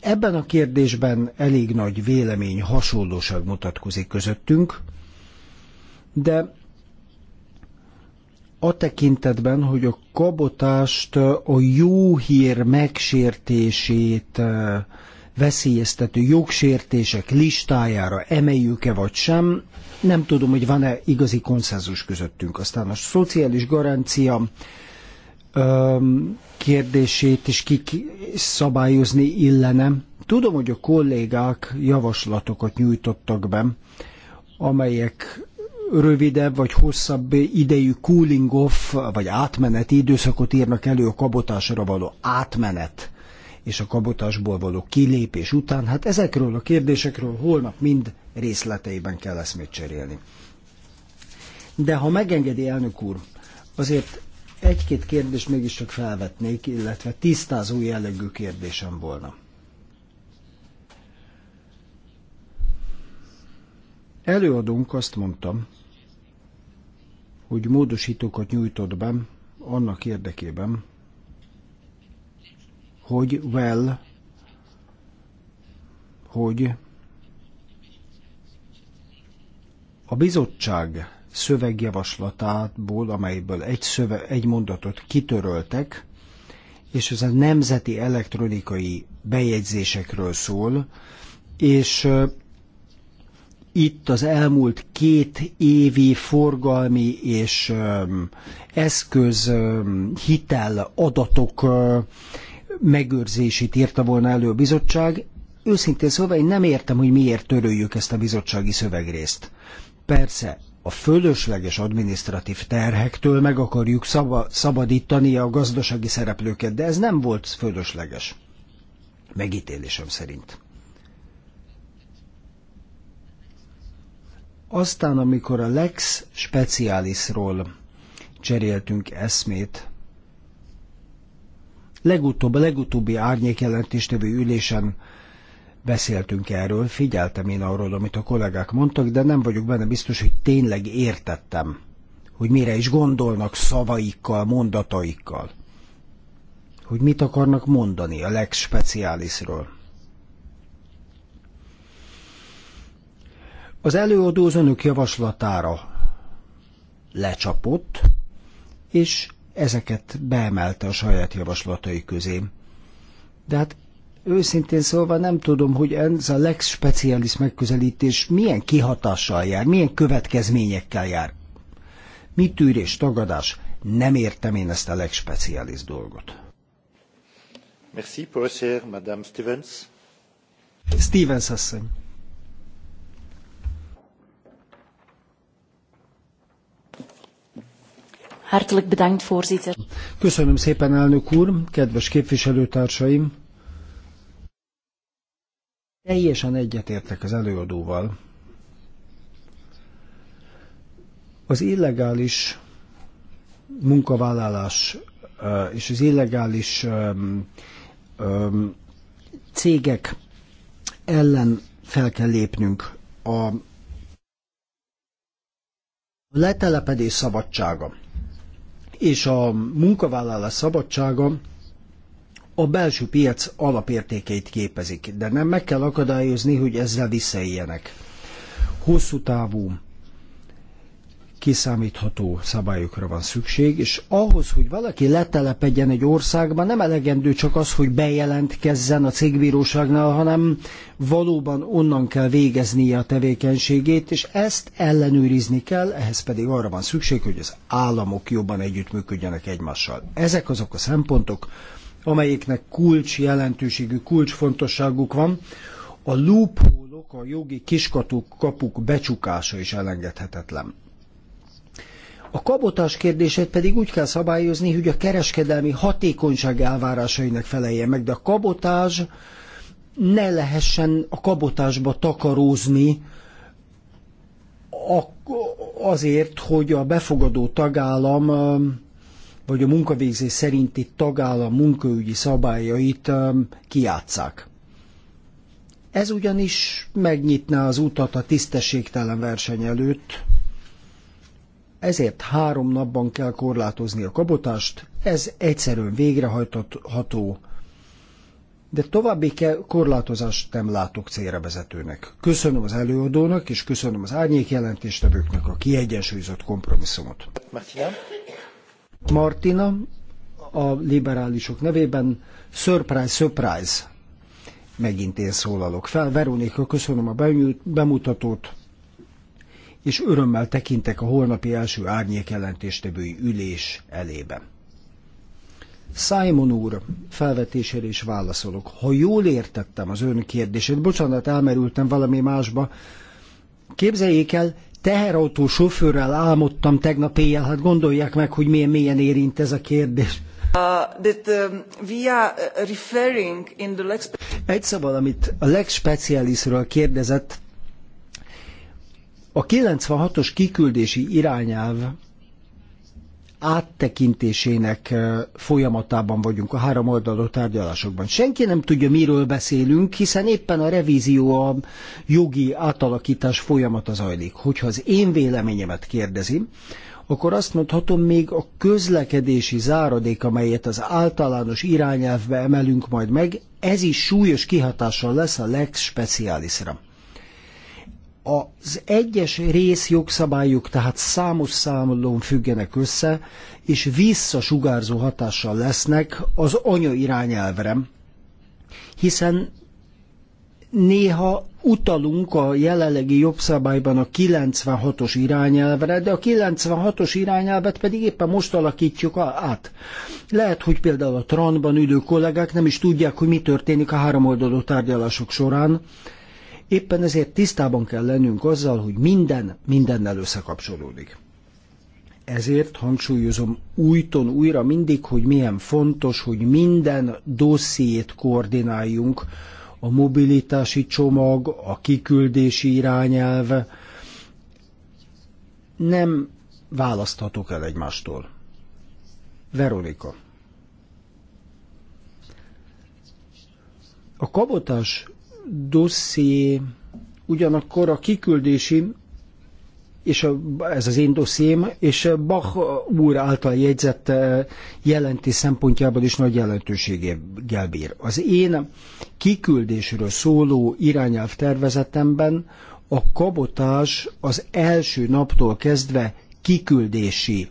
ebben a kérdésben elég nagy vélemény hasonlóság mutatkozik közöttünk, de a tekintetben, hogy a kabotást a jó hír megsértését veszélyeztető jogsértések listájára emeljük-e vagy sem. Nem tudom, hogy van-e igazi konszenzus közöttünk. Aztán a szociális garancia kérdését is kik szabályozni illene. Tudom, hogy a kollégák javaslatokat nyújtottak be, amelyek rövidebb vagy hosszabb idejű cooling off, vagy átmeneti időszakot írnak elő a kabotásra való átmenet és a kabotásból való kilépés után, hát ezekről a kérdésekről holnap mind részleteiben kell eszmét cserélni. De ha megengedi elnök úr, azért egy-két kérdést mégiscsak felvetnék, illetve tisztázó jellegű kérdésem volna. Előadónk azt mondtam, hogy módosítókat nyújtott be annak érdekében, hogy well, hogy a bizottság szövegjavaslatából, amelyből egy, szöve, egy mondatot kitöröltek, és ez a nemzeti elektronikai bejegyzésekről szól, és itt az elmúlt két évi forgalmi és eszköz hitel adatok megőrzését írta volna elő a bizottság. Őszintén szólva én nem értem, hogy miért töröljük ezt a bizottsági szövegrészt. Persze, a fölösleges adminisztratív terhektől meg akarjuk szaba, szabadítani a gazdasági szereplőket, de ez nem volt fölösleges. Megítélésem szerint. Aztán, amikor a Lex Specialisról cseréltünk eszmét, legutóbb, a legutóbbi árnyék jelentéstevő ülésen beszéltünk erről, figyeltem én arról, amit a kollégák mondtak, de nem vagyok benne biztos, hogy tényleg értettem, hogy mire is gondolnak szavaikkal, mondataikkal. Hogy mit akarnak mondani a legspeciálisről. Az előadó az önök javaslatára lecsapott, és ezeket beemelte a saját javaslatai közé. De hát őszintén szólva nem tudom, hogy ez a legspeciális megközelítés milyen kihatással jár, milyen következményekkel jár. Mi tűrés, tagadás? Nem értem én ezt a legspeciális dolgot. Merci pour Madame Stevens. Stevens asszony. Hartelijk bedankt, voorzitter. Köszönöm szépen, elnök úr, kedves képviselőtársaim. Teljesen egyetértek az előadóval. Az illegális munkavállalás és az illegális cégek ellen fel kell lépnünk. A letelepedés szabadsága és a munkavállalás szabadsága a belső piac alapértékeit képezik, de nem meg kell akadályozni, hogy ezzel visszaéljenek. Hosszú távú kiszámítható szabályokra van szükség, és ahhoz, hogy valaki letelepedjen egy országban, nem elegendő csak az, hogy bejelentkezzen a cégbíróságnál, hanem valóban onnan kell végeznie a tevékenységét, és ezt ellenőrizni kell, ehhez pedig arra van szükség, hogy az államok jobban együttműködjenek egymással. Ezek azok a szempontok, amelyeknek kulcs jelentőségű, kulcsfontosságuk van. A loophole a jogi kiskatuk kapuk becsukása is elengedhetetlen. A kabotás kérdését pedig úgy kell szabályozni, hogy a kereskedelmi hatékonyság elvárásainak feleljen meg, de a kabotás ne lehessen a kabotásba takarózni azért, hogy a befogadó tagállam um, vagy a munkavégzés szerinti tagállam munkaügyi szabályait um, kiátszák. Ez ugyanis megnyitná az utat a tisztességtelen verseny előtt, ezért három napban kell korlátozni a kabotást, ez egyszerűen végrehajtható, de további korlátozást nem látok célra vezetőnek. Köszönöm az előadónak, és köszönöm az árnyék jelentéstevőknek a kiegyensúlyozott kompromisszumot. Martina? Martina, a liberálisok nevében, surprise, surprise, megint én szólalok fel. Veronika, köszönöm a bemutatót és örömmel tekintek a holnapi első árnyék jelentéstevői ülés elébe. Simon úr felvetésére is válaszolok. Ha jól értettem az ön kérdését, bocsánat, elmerültem valami másba. Képzeljék el, teherautó sofőrrel álmodtam tegnap éjjel, hát gondolják meg, hogy milyen mélyen érint ez a kérdés. Uh, that, um, we are uh, referring in the Egy szabad, amit a legspecialisről kérdezett, a 96-os kiküldési irányelv áttekintésének folyamatában vagyunk a három oldalú tárgyalásokban. Senki nem tudja, miről beszélünk, hiszen éppen a revízió, a jogi átalakítás folyamata zajlik. Hogyha az én véleményemet kérdezi, akkor azt mondhatom, még a közlekedési záradék, amelyet az általános irányelvbe emelünk majd meg, ez is súlyos kihatással lesz a Lex Specialisra az egyes rész jogszabályok tehát számos számlón függenek össze, és visszasugárzó hatással lesznek az anya irányelvre, hiszen néha utalunk a jelenlegi jogszabályban a 96-os irányelvre, de a 96-os irányelvet pedig éppen most alakítjuk át. Lehet, hogy például a Tranban ülő kollégák nem is tudják, hogy mi történik a háromoldalú tárgyalások során, Éppen ezért tisztában kell lennünk azzal, hogy minden mindennel összekapcsolódik. Ezért hangsúlyozom újton újra mindig, hogy milyen fontos, hogy minden dossziét koordináljunk, a mobilitási csomag, a kiküldési irányelv, nem választhatok el egymástól. Veronika. A kabotás dosszié, ugyanakkor a kiküldési, és a, ez az én dossziém, és Bach úr által jegyzett eh, jelentés szempontjából is nagy jelentőségével bír. Az én kiküldésről szóló irányelv tervezetemben a kabotás az első naptól kezdve kiküldési,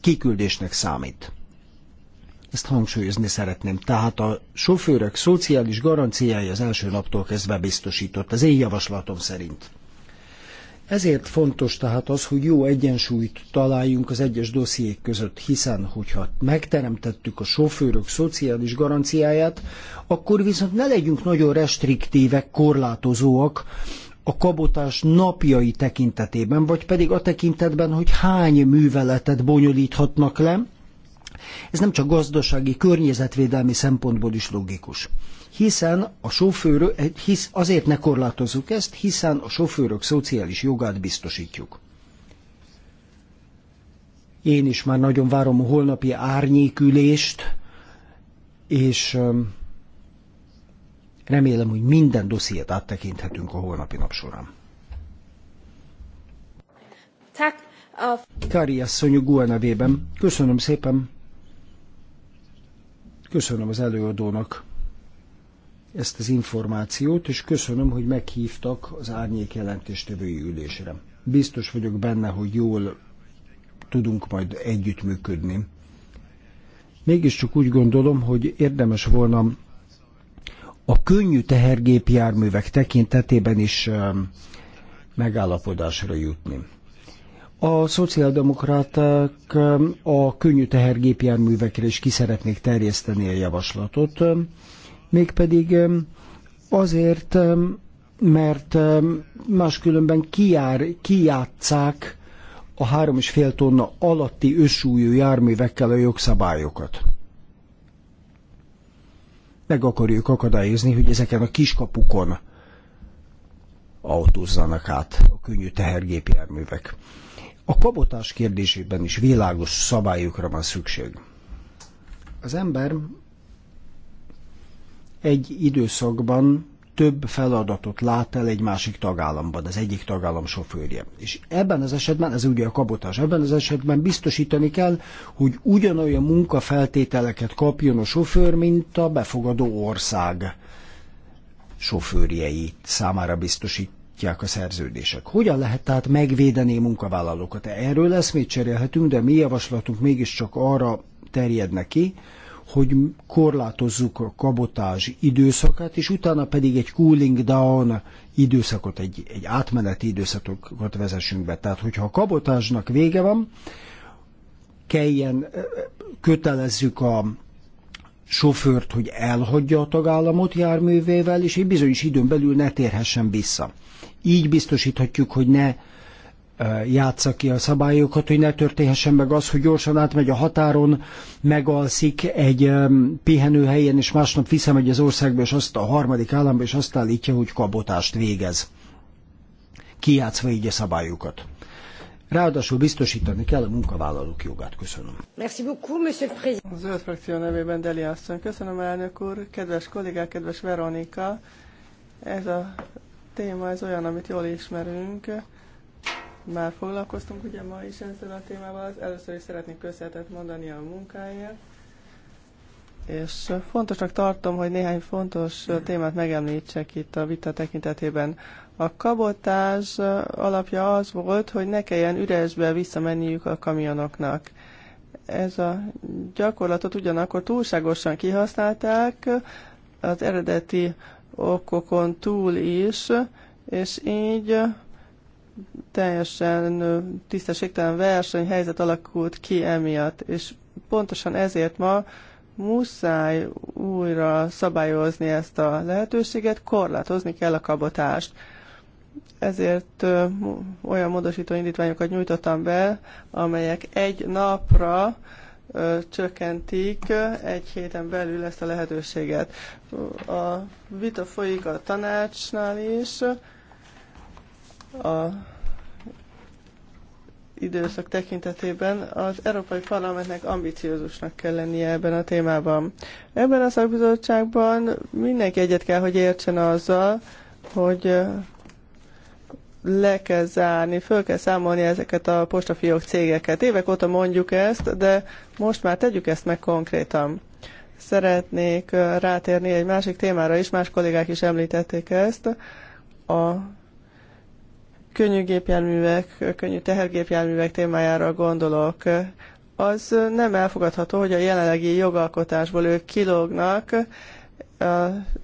kiküldésnek számít. Ezt hangsúlyozni szeretném. Tehát a sofőrök szociális garanciája az első naptól kezdve biztosított, az én javaslatom szerint. Ezért fontos tehát az, hogy jó egyensúlyt találjunk az egyes dossziék között, hiszen hogyha megteremtettük a sofőrök szociális garanciáját, akkor viszont ne legyünk nagyon restriktívek, korlátozóak a kabotás napjai tekintetében, vagy pedig a tekintetben, hogy hány műveletet bonyolíthatnak le, ez nem csak gazdasági, környezetvédelmi szempontból is logikus. Hiszen a sofőr, eh, hisz, azért ne korlátozzuk ezt, hiszen a sofőrök szociális jogát biztosítjuk. Én is már nagyon várom a holnapi árnyékülést, és ehm, remélem, hogy minden dossziét áttekinthetünk a holnapi nap során. asszonyú asszony Guanabében. E Köszönöm szépen. Köszönöm az előadónak ezt az információt, és köszönöm, hogy meghívtak az árnyék jelentéstevői ülésre. Biztos vagyok benne, hogy jól tudunk majd együttműködni. Mégiscsak úgy gondolom, hogy érdemes volna a könnyű tehergépjárművek tekintetében is um, megállapodásra jutni. A szociáldemokraták um, a könnyű tehergépjárművekre is ki szeretnék terjeszteni a javaslatot, um, mégpedig um, azért, mert máskülönben kijár, kijátszák a fél tonna alatti összúlyú járművekkel a jogszabályokat. Meg akarjuk akadályozni, hogy ezeken a kiskapukon autózzanak át a könnyű tehergépjárművek. A kabotás kérdésében is világos szabályokra van szükség. Az ember egy időszakban több feladatot lát el egy másik tagállamban, az egyik tagállam sofőrje. És ebben az esetben, ez ugye a kabotás, ebben az esetben biztosítani kell, hogy ugyanolyan munkafeltételeket kapjon a sofőr, mint a befogadó ország sofőrjei számára biztosít kibocsátják a szerződések. Hogyan lehet tehát megvédeni a munkavállalókat? Erről még cserélhetünk, de mi javaslatunk mégiscsak arra terjed ki, hogy korlátozzuk a kabotázs időszakát, és utána pedig egy cooling down időszakot, egy, egy átmeneti időszakot vezessünk be. Tehát, hogyha a kabotázsnak vége van, kelljen, kötelezzük a sofőrt, hogy elhagyja a tagállamot járművével, és egy bizonyos időn belül ne térhessen vissza. Így biztosíthatjuk, hogy ne játsza ki a szabályokat, hogy ne történhessen meg az, hogy gyorsan átmegy a határon, megalszik egy pihenőhelyen, és másnap visszamegy az országba, és azt a harmadik államba, és azt állítja, hogy kabotást végez. Kijátszva így a szabályokat. Ráadásul biztosítani kell a munkavállalók jogát. Köszönöm. Merci beaucoup, monsieur le président. Az zöld frakció nevében Deli asszony. Köszönöm, elnök úr. Kedves kollégák, kedves Veronika. Ez a téma ez olyan, amit jól ismerünk. Már foglalkoztunk ugye ma is ezzel a témával. Először is szeretnék köszönetet mondani a munkáért. És fontosnak tartom, hogy néhány fontos témát megemlítsek itt a vita tekintetében. A kabotás alapja az volt, hogy ne kelljen üresbe visszamenniük a kamionoknak. Ez a gyakorlatot ugyanakkor túlságosan kihasználták, az eredeti okokon túl is, és így teljesen tisztességtelen versenyhelyzet alakult ki emiatt, és pontosan ezért ma muszáj újra szabályozni ezt a lehetőséget, korlátozni kell a kabotást. Ezért olyan módosító indítványokat nyújtottam be, amelyek egy napra csökkentik egy héten belül ezt a lehetőséget. A vita folyik a tanácsnál is, a időszak tekintetében az Európai Parlamentnek ambiciózusnak kell lennie ebben a témában. Ebben a szakbizottságban mindenki egyet kell, hogy értsen azzal, hogy le kell zárni, föl kell számolni ezeket a postafiók cégeket. Évek óta mondjuk ezt, de most már tegyük ezt meg konkrétan. Szeretnék rátérni egy másik témára is, más kollégák is említették ezt, a könnyű gépjárművek, könnyű tehergépjárművek témájára gondolok. Az nem elfogadható, hogy a jelenlegi jogalkotásból ők kilógnak,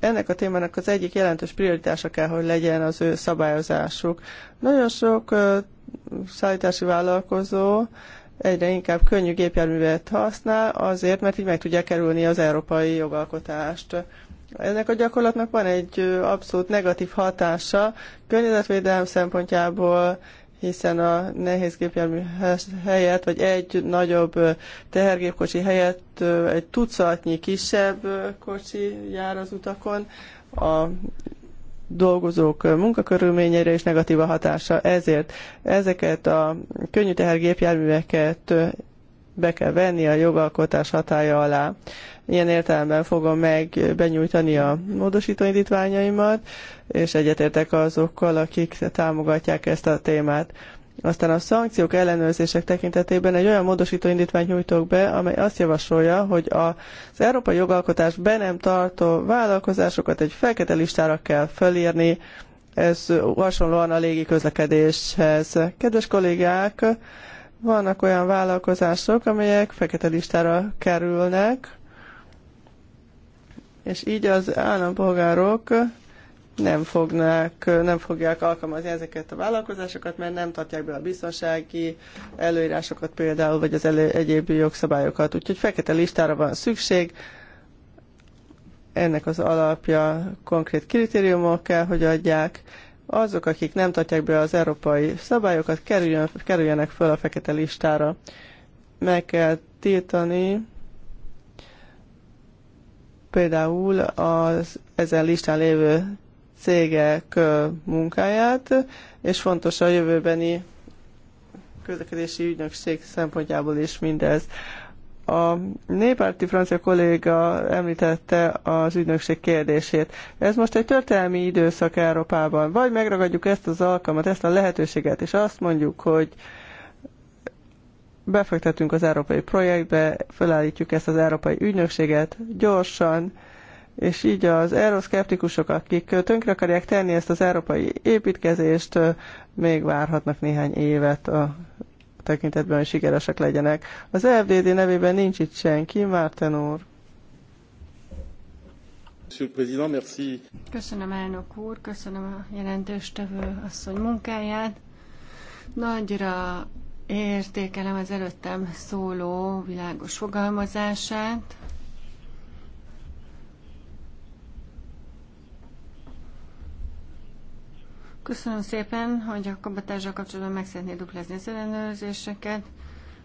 ennek a témának az egyik jelentős prioritása kell, hogy legyen az ő szabályozásuk. Nagyon sok szállítási vállalkozó egyre inkább könnyű gépjárművet használ, azért, mert így meg tudja kerülni az európai jogalkotást. Ennek a gyakorlatnak van egy abszolút negatív hatása környezetvédelem szempontjából, hiszen a nehéz gépjármű helyett, vagy egy nagyobb tehergépkocsi helyett egy tucatnyi kisebb kocsi jár az utakon, a dolgozók munkakörülményeire is negatív a hatása. Ezért ezeket a könnyű tehergépjárműveket be kell venni a jogalkotás hatája alá. Ilyen értelemben fogom meg benyújtani a módosító indítványaimat, és egyetértek azokkal, akik támogatják ezt a témát. Aztán a szankciók ellenőrzések tekintetében egy olyan módosító indítványt nyújtok be, amely azt javasolja, hogy az európai jogalkotás be nem tartó vállalkozásokat egy fekete listára kell fölírni, ez hasonlóan a légi közlekedéshez. Kedves kollégák, vannak olyan vállalkozások, amelyek fekete listára kerülnek, és így az állampolgárok nem, fognak, nem fogják alkalmazni ezeket a vállalkozásokat, mert nem tartják be a biztonsági előírásokat például, vagy az elő, egyéb jogszabályokat. Úgyhogy fekete listára van szükség, ennek az alapja konkrét kritériumok kell, hogy adják, azok, akik nem tartják be az európai szabályokat, kerüljön, kerüljenek föl a fekete listára. Meg kell tiltani például az ezen listán lévő cégek munkáját, és fontos a jövőbeni közlekedési ügynökség szempontjából is mindez. A néppárti francia kolléga említette az ügynökség kérdését. Ez most egy történelmi időszak Európában. Vagy megragadjuk ezt az alkalmat, ezt a lehetőséget, és azt mondjuk, hogy befektetünk az európai projektbe, felállítjuk ezt az európai ügynökséget gyorsan, és így az euroszkeptikusok, akik tönkre akarják tenni ezt az európai építkezést, még várhatnak néhány évet a tekintetben, hogy sikeresek legyenek. Az FDD nevében nincs itt senki, Márten úr. Köszönöm elnök úr, köszönöm a jelentőstevő asszony munkáját. Nagyra értékelem az előttem szóló világos fogalmazását, Köszönöm szépen, hogy a kabotással kapcsolatban meg szeretné duplázni az ellenőrzéseket.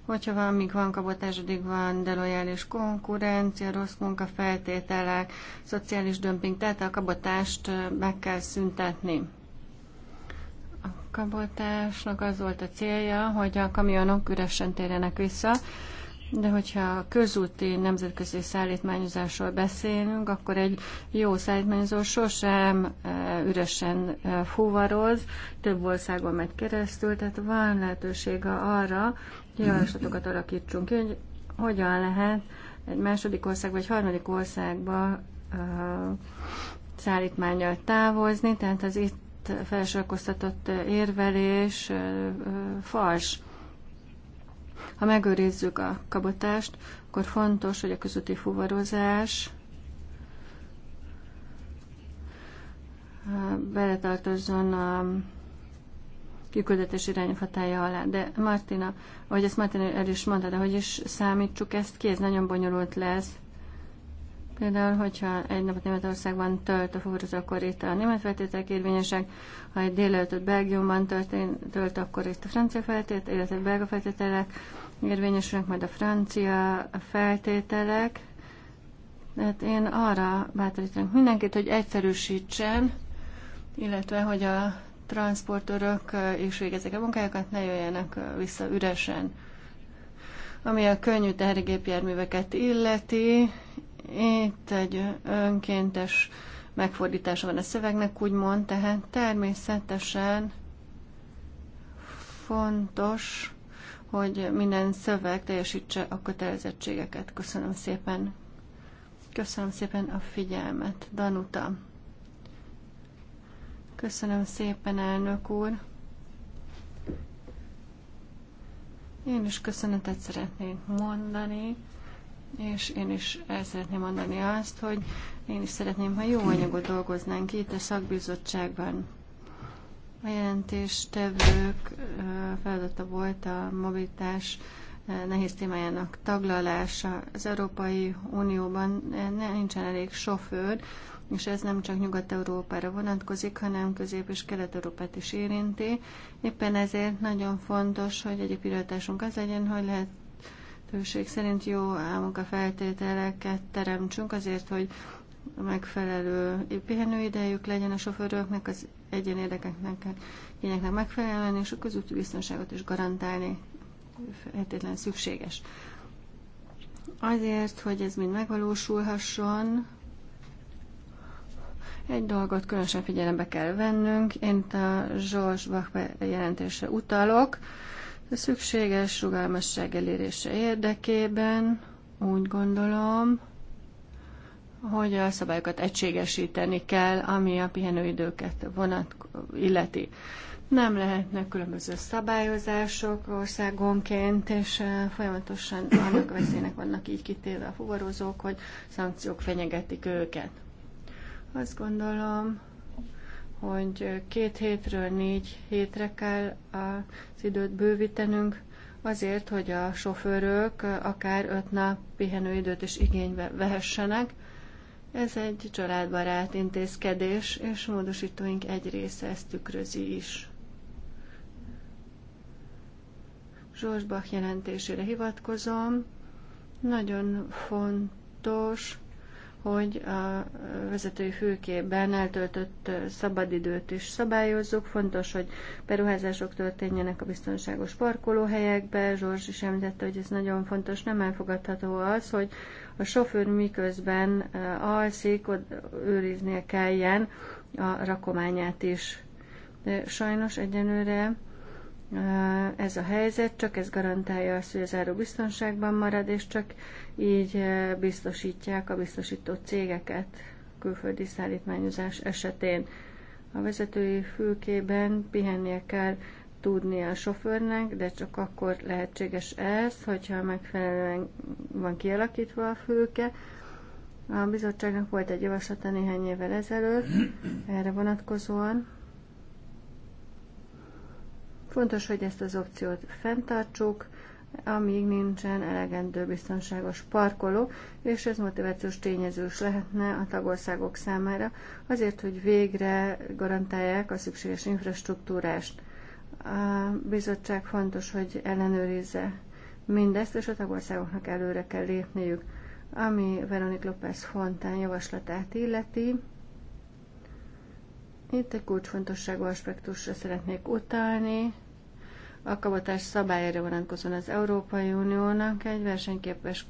Hogyha valamik van kabotás, addig van delojális konkurencia, rossz munkafeltételek, szociális dömping, tehát a kabotást meg kell szüntetni. A kabotásnak az volt a célja, hogy a kamionok üresen térjenek vissza, de hogyha közúti nemzetközi szállítmányozásról beszélünk, akkor egy jó szállítmányozó sosem e, üresen e, fuvaroz, több országon megy keresztül, tehát van lehetősége arra, hogy javaslatokat alakítsunk ki, hogy hogyan lehet egy második ország vagy harmadik országba e, szállítmányjal távozni, tehát az itt felsorakoztatott érvelés fals. Ha megőrizzük a kabotást, akkor fontos, hogy a közötti fuvarozás beletartozzon a kiküldetés irányú hatája alá. De Martina, ahogy ezt Martina el is mondta, de hogy is számítsuk ezt ki, ez nagyon bonyolult lesz. Például, hogyha egy napot Németországban tölt a fuvarozó, akkor itt a német feltételek érvényesek, ha egy délelőtt Belgiumban tölt, tölt, akkor itt a francia feltételek, illetve belga feltételek, érvényesülnek majd a francia feltételek. Tehát én arra bátorítanak mindenkit, hogy egyszerűsítsen, illetve hogy a transportőrök és végezzék a munkájukat, ne jöjjenek vissza üresen. Ami a könnyű tehergépjárműveket illeti, itt egy önkéntes megfordítása van a szövegnek, úgymond, tehát természetesen fontos, hogy minden szöveg teljesítse a kötelezettségeket. Köszönöm szépen. Köszönöm szépen a figyelmet. Danuta. Köszönöm szépen, elnök úr. Én is köszönetet szeretnék mondani, és én is el szeretném mondani azt, hogy én is szeretném, ha jó anyagot dolgoznánk itt a szakbizottságban. A jelentéstevők feladata volt a mobilitás nehéz témájának taglalása. Az Európai Unióban nincsen elég sofőr, és ez nem csak Nyugat-Európára vonatkozik, hanem Közép- és Kelet-Európát is érinti. Éppen ezért nagyon fontos, hogy egy pillanatásunk az legyen, hogy lehet lehetőség szerint jó munkafeltételeket teremtsünk azért, hogy megfelelő pihenőidejük legyen a sofőröknek, az egyén kényeknek megfelelően, és a közúti biztonságot is garantálni feltétlen szükséges. Azért, hogy ez mind megvalósulhasson, egy dolgot különösen figyelembe kell vennünk, én a Zsors Bach jelentése utalok, a szükséges rugalmasság elérése érdekében úgy gondolom, hogy a szabályokat egységesíteni kell, ami a pihenőidőket vonat illeti. Nem lehetnek különböző szabályozások országonként, és folyamatosan annak veszélynek vannak így kitéve a fuvarozók, hogy szankciók fenyegetik őket. Azt gondolom, hogy két hétről négy hétre kell az időt bővítenünk, azért, hogy a sofőrök akár öt nap pihenőidőt is igénybe vehessenek, ez egy családbarát intézkedés, és módosítóink egy része ezt tükrözi is. Bach jelentésére hivatkozom. Nagyon fontos, hogy a vezetői főképben eltöltött szabadidőt is szabályozzuk. Fontos, hogy beruházások történjenek a biztonságos parkolóhelyekbe. Zsors is említette, hogy ez nagyon fontos. Nem elfogadható az, hogy a sofőr miközben alszik, őriznie kelljen a rakományát is. De sajnos egyenőre ez a helyzet, csak ez garantálja azt, hogy az áru biztonságban marad, és csak így biztosítják a biztosító cégeket külföldi szállítmányozás esetén. A vezetői fülkében pihennie kell tudnia a sofőrnek, de csak akkor lehetséges ez, hogyha megfelelően van kialakítva a fülke. A bizottságnak volt egy javaslata néhány évvel ezelőtt erre vonatkozóan. Fontos, hogy ezt az opciót fenntartsuk, amíg nincsen elegendő biztonságos parkoló, és ez motivációs tényezős lehetne a tagországok számára, azért, hogy végre garantálják a szükséges infrastruktúrást. A bizottság fontos, hogy ellenőrizze mindezt, és a tagországoknak előre kell lépniük. Ami Veronik López Fontán javaslatát illeti, itt egy kulcsfontosságú aspektusra szeretnék utalni. A kabotás szabályára vonatkozóan az Európai Uniónak egy versenyképes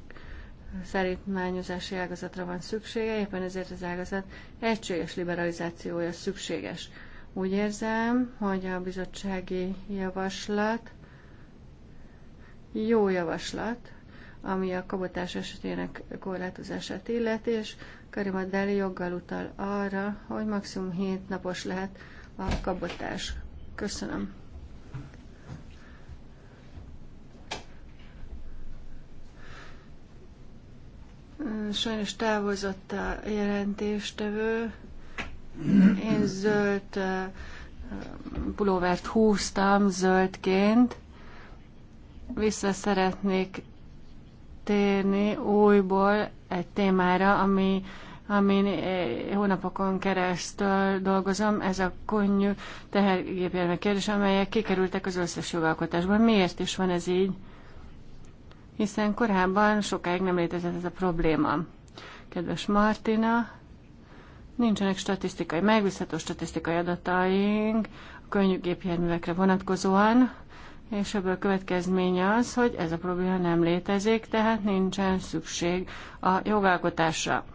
szerintmányozási ágazatra van szüksége, éppen ezért az ágazat egységes liberalizációja szükséges. Úgy érzem, hogy a bizottsági javaslat jó javaslat, ami a kabotás esetének korlátozását illeti, és Karima Deli joggal utal arra, hogy maximum 7 napos lehet a kabotás. Köszönöm. Sajnos távozott a jelentéstevő. Én zöld pulóvert húztam zöldként. Vissza szeretnék térni újból egy témára, ami amin hónapokon keresztül dolgozom, ez a könnyű tehergépjelme kérdés, amelyek kikerültek az összes jogalkotásban. Miért is van ez így? Hiszen korábban sokáig nem létezett ez a probléma. Kedves Martina, Nincsenek statisztikai, megbízható statisztikai adataink a könnyű gépjárművekre vonatkozóan, és ebből következménye az, hogy ez a probléma nem létezik, tehát nincsen szükség a jogalkotásra.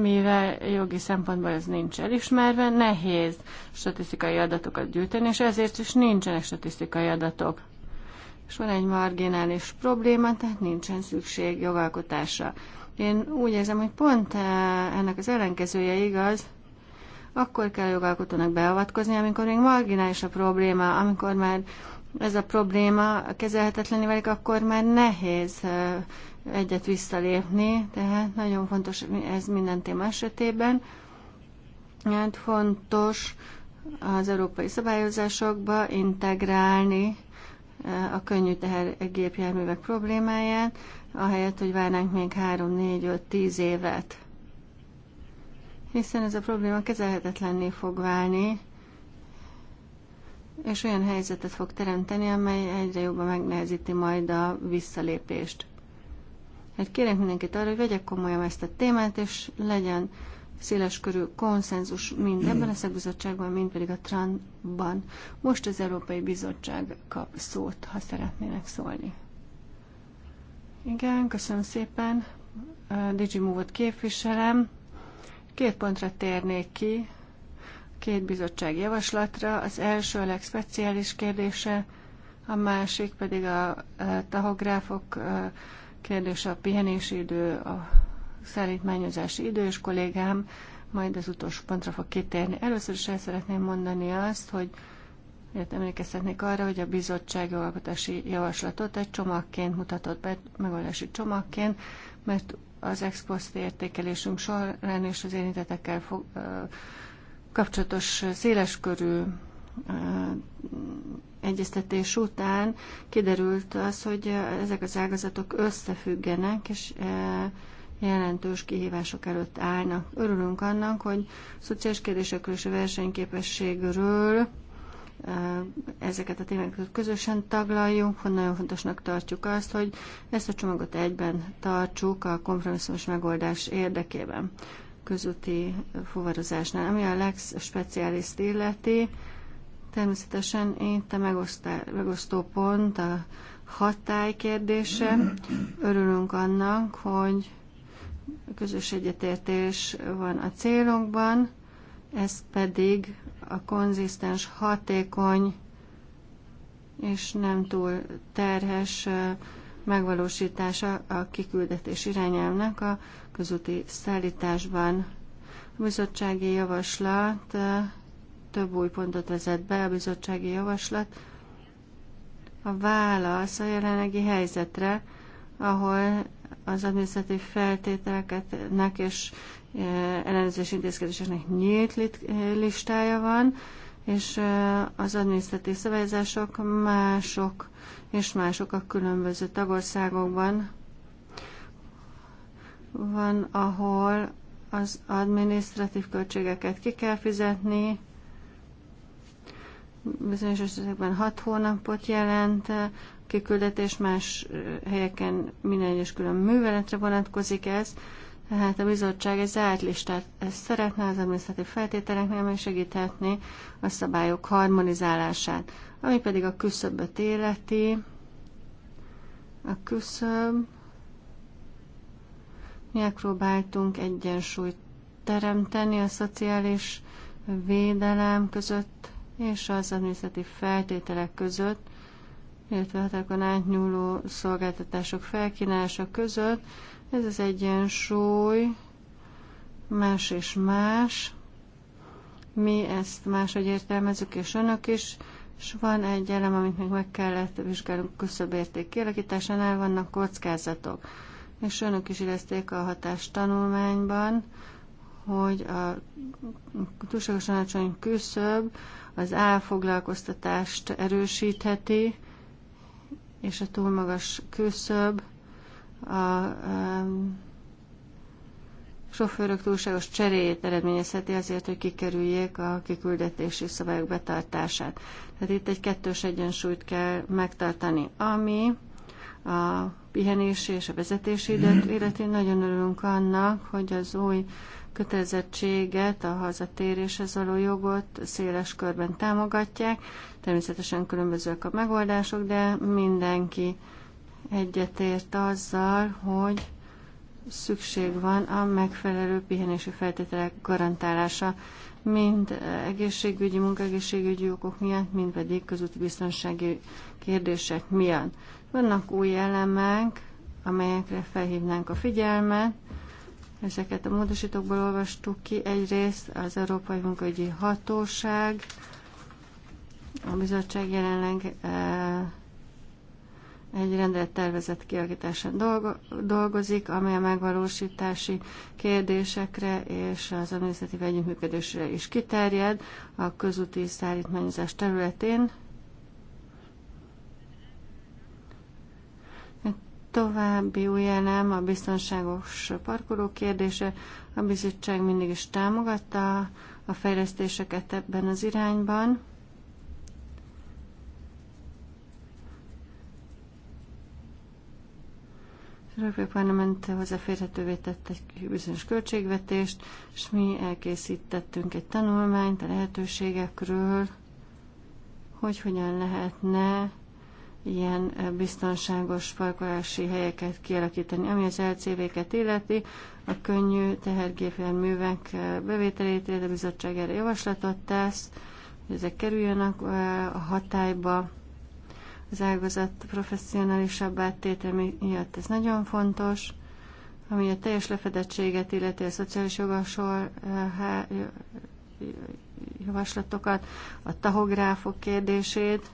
Mivel jogi szempontból ez nincs elismerve, nehéz statisztikai adatokat gyűjteni, és ezért is nincsenek statisztikai adatok. És van egy marginális probléma, tehát nincsen szükség jogalkotásra. Én úgy érzem, hogy pont eh, ennek az ellenkezője igaz, akkor kell a jogalkotónak beavatkozni, amikor még marginális a probléma, amikor már ez a probléma kezelhetetlené válik, akkor már nehéz eh, egyet visszalépni, tehát nagyon fontos ez minden téma esetében. Hát fontos az európai szabályozásokba integrálni eh, a könnyű tehergépjárművek problémáját, ahelyett, hogy várnánk még 3, 4, 5, 10 évet. Hiszen ez a probléma kezelhetetlenné fog válni, és olyan helyzetet fog teremteni, amely egyre jobban megnehezíti majd a visszalépést. Hát kérek mindenkit arra, hogy vegyek komolyan ezt a témát, és legyen széleskörű konszenzus mind ebben a szakbizottságban, mind pedig a tran -ban. Most az Európai Bizottság kap szót, ha szeretnének szólni. Igen, köszönöm szépen. Digimove-ot képviselem. Két pontra térnék ki, két bizottság javaslatra. Az első a legspeciális kérdése, a másik pedig a tahográfok kérdése, a pihenési idő, a szállítmányozási idő, és kollégám majd az utolsó pontra fog kitérni. Először is el szeretném mondani azt, hogy Ilyet emlékeztetnék arra, hogy a bizottság jogalkotási javaslatot egy csomagként mutatott be, megoldási csomagként, mert az ex post értékelésünk során és az érintetekkel fog, kapcsolatos széleskörű egyeztetés után kiderült az, hogy ezek az ágazatok összefüggenek, és jelentős kihívások előtt állnak. Örülünk annak, hogy szociális kérdésekről és a versenyképességről ezeket a témákat közösen taglaljunk, nagyon fontosnak tartjuk azt, hogy ezt a csomagot egyben tartsuk a kompromisszumos megoldás érdekében közúti fuvarozásnál, ami a Lex illeti. Természetesen itt a megosztó pont a hatály kérdése. Örülünk annak, hogy közös egyetértés van a célunkban, ez pedig a konzisztens, hatékony és nem túl terhes megvalósítása a kiküldetés irányelvnek a közúti szállításban. A bizottsági javaslat több új pontot vezet be, a bizottsági javaslat a válasz a jelenlegi helyzetre, ahol az adminisztratív feltételeket és ellenőrzés intézkedéseknek nyílt listája van, és az adminisztratív szabályzások mások és mások a különböző tagországokban. Van, ahol az adminisztratív költségeket ki kell fizetni, bizonyos esetekben hat hónapot jelent, kiküldetés más helyeken minden egyes külön műveletre vonatkozik ez, tehát a bizottság egy zárt listát szeretne az adminisztratív feltételeknél, amely segíthetné a szabályok harmonizálását. Ami pedig a küszöböt életi, a küszöb, megpróbáltunk egyensúlyt teremteni a szociális védelem között és az adminisztratív feltételek között, illetve határokon átnyúló szolgáltatások felkínálása között, ez az egyensúly más és más. Mi ezt máshogy értelmezünk, és önök is. És van egy elem, amit még meg kellett vizsgálnunk küszöbérték kialakításánál, vannak kockázatok. És önök is érezték a hatás tanulmányban, hogy a túlságosan alacsony küszöb az álfoglalkoztatást erősítheti, és a túl magas küszöb a um, sofőrök túlságos cseréjét eredményezheti azért, hogy kikerüljék a kiküldetési szabályok betartását. Tehát itt egy kettős egyensúlyt kell megtartani, ami a pihenési és a vezetési időt illeti. Mhm. Nagyon örülünk annak, hogy az új kötelezettséget, a hazatéréshez való jogot széles körben támogatják. Természetesen különbözőek a megoldások, de mindenki egyetért azzal, hogy szükség van a megfelelő pihenési feltételek garantálása, mind egészségügyi, munkaegészségügyi okok miatt, mind pedig közúti biztonsági kérdések miatt. Vannak új elemek, amelyekre felhívnánk a figyelmet, ezeket a módosítókból olvastuk ki. Egyrészt az Európai Munkaügyi Hatóság, a bizottság jelenleg eh, egy rendelettervezet kialakításán dolgozik, amely a megvalósítási kérdésekre és az administratív vegyünkműködésre is kiterjed a közúti szállítmányozás területén. további új elem a biztonságos parkoló kérdése. A bizottság mindig is támogatta a fejlesztéseket ebben az irányban. Európai Parlament hozzáférhetővé tett egy bizonyos költségvetést, és mi elkészítettünk egy tanulmányt a lehetőségekről, hogy hogyan lehetne ilyen biztonságos parkolási helyeket kialakítani. Ami az LCV-ket illeti, a könnyű tehergépjárművek bevételét, a bizottság erre javaslatot tesz, hogy ezek kerüljenek a hatályba az ágazat professzionálisabbá tétel miatt ez nagyon fontos, ami a teljes lefedettséget illeti a szociális jogasor, eh, javaslatokat, a tahográfok kérdését.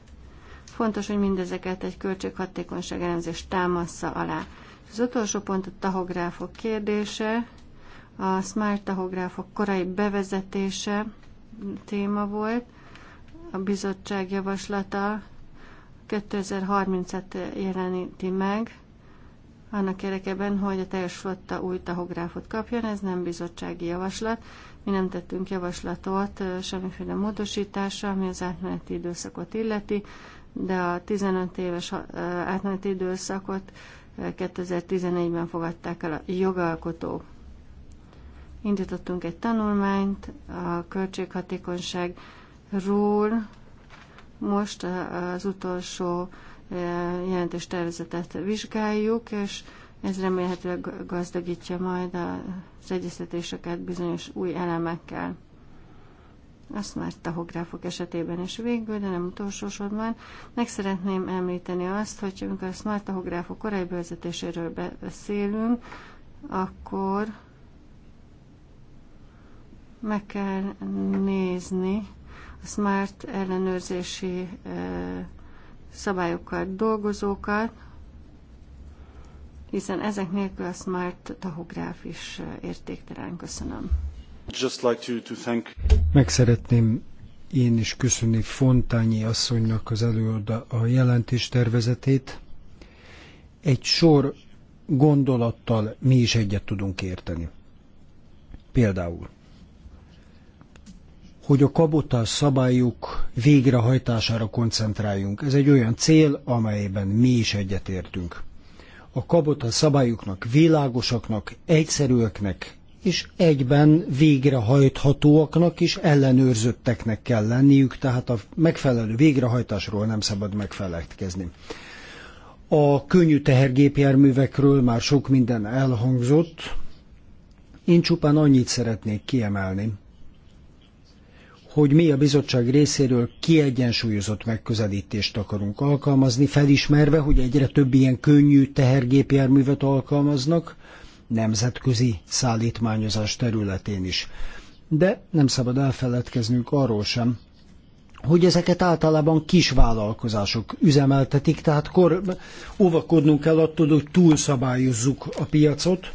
Fontos, hogy mindezeket egy költséghatékonyság elemzés támaszza alá. Az utolsó pont a tahográfok kérdése, a smart tahográfok korai bevezetése téma volt, a bizottság javaslata 2030 et jeleníti meg, annak érdekében, hogy a teljes flotta új tahográfot kapjon, ez nem bizottsági javaslat. Mi nem tettünk javaslatot semmiféle módosításra, ami az átmeneti időszakot illeti, de a 15 éves átmeneti időszakot 2014-ben fogadták el a jogalkotók. Indítottunk egy tanulmányt a költséghatékonyságról, most eh, az utolsó eh, jelentős tervezetet vizsgáljuk, és ez remélhetőleg gazdagítja majd az egyeztetéseket bizonyos új elemekkel. Azt már tahográfok esetében is végül, de nem utolsó sorban. Meg szeretném említeni azt, hogy amikor a smart tahográfok korai bevezetéséről beszélünk, akkor meg kell nézni smart ellenőrzési szabályokkal dolgozókat, hiszen ezek nélkül a smart tahográf is értéktelen. Köszönöm. Just like to, to thank... Meg szeretném én is köszönni Fontányi asszonynak az előadó a jelentés tervezetét. Egy sor gondolattal mi is egyet tudunk érteni. Például hogy a kabotás szabályok végrehajtására koncentráljunk. Ez egy olyan cél, amelyben mi is egyetértünk. A kabotás szabályoknak világosaknak, egyszerűeknek és egyben végrehajthatóaknak és ellenőrzötteknek kell lenniük, tehát a megfelelő végrehajtásról nem szabad megfeledkezni. A könnyű tehergépjárművekről már sok minden elhangzott. Én csupán annyit szeretnék kiemelni, hogy mi a bizottság részéről kiegyensúlyozott megközelítést akarunk alkalmazni, felismerve, hogy egyre több ilyen könnyű tehergépjárművet alkalmaznak nemzetközi szállítmányozás területén is. De nem szabad elfeledkeznünk arról sem, hogy ezeket általában kis vállalkozások üzemeltetik, tehát kor, óvakodnunk kell attól, hogy túlszabályozzuk a piacot,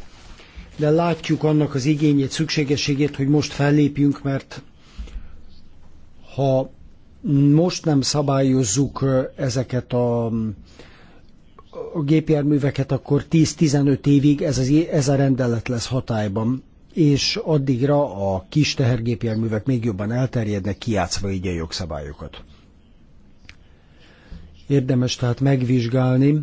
de látjuk annak az igényét, szükségességét, hogy most fellépjünk, mert ha most nem szabályozzuk ezeket a, a gépjárműveket, akkor 10-15 évig ez, az, ez a rendelet lesz hatályban, és addigra a kis tehergépjárművek még jobban elterjednek, kiátszva így a jogszabályokat. Érdemes tehát megvizsgálni,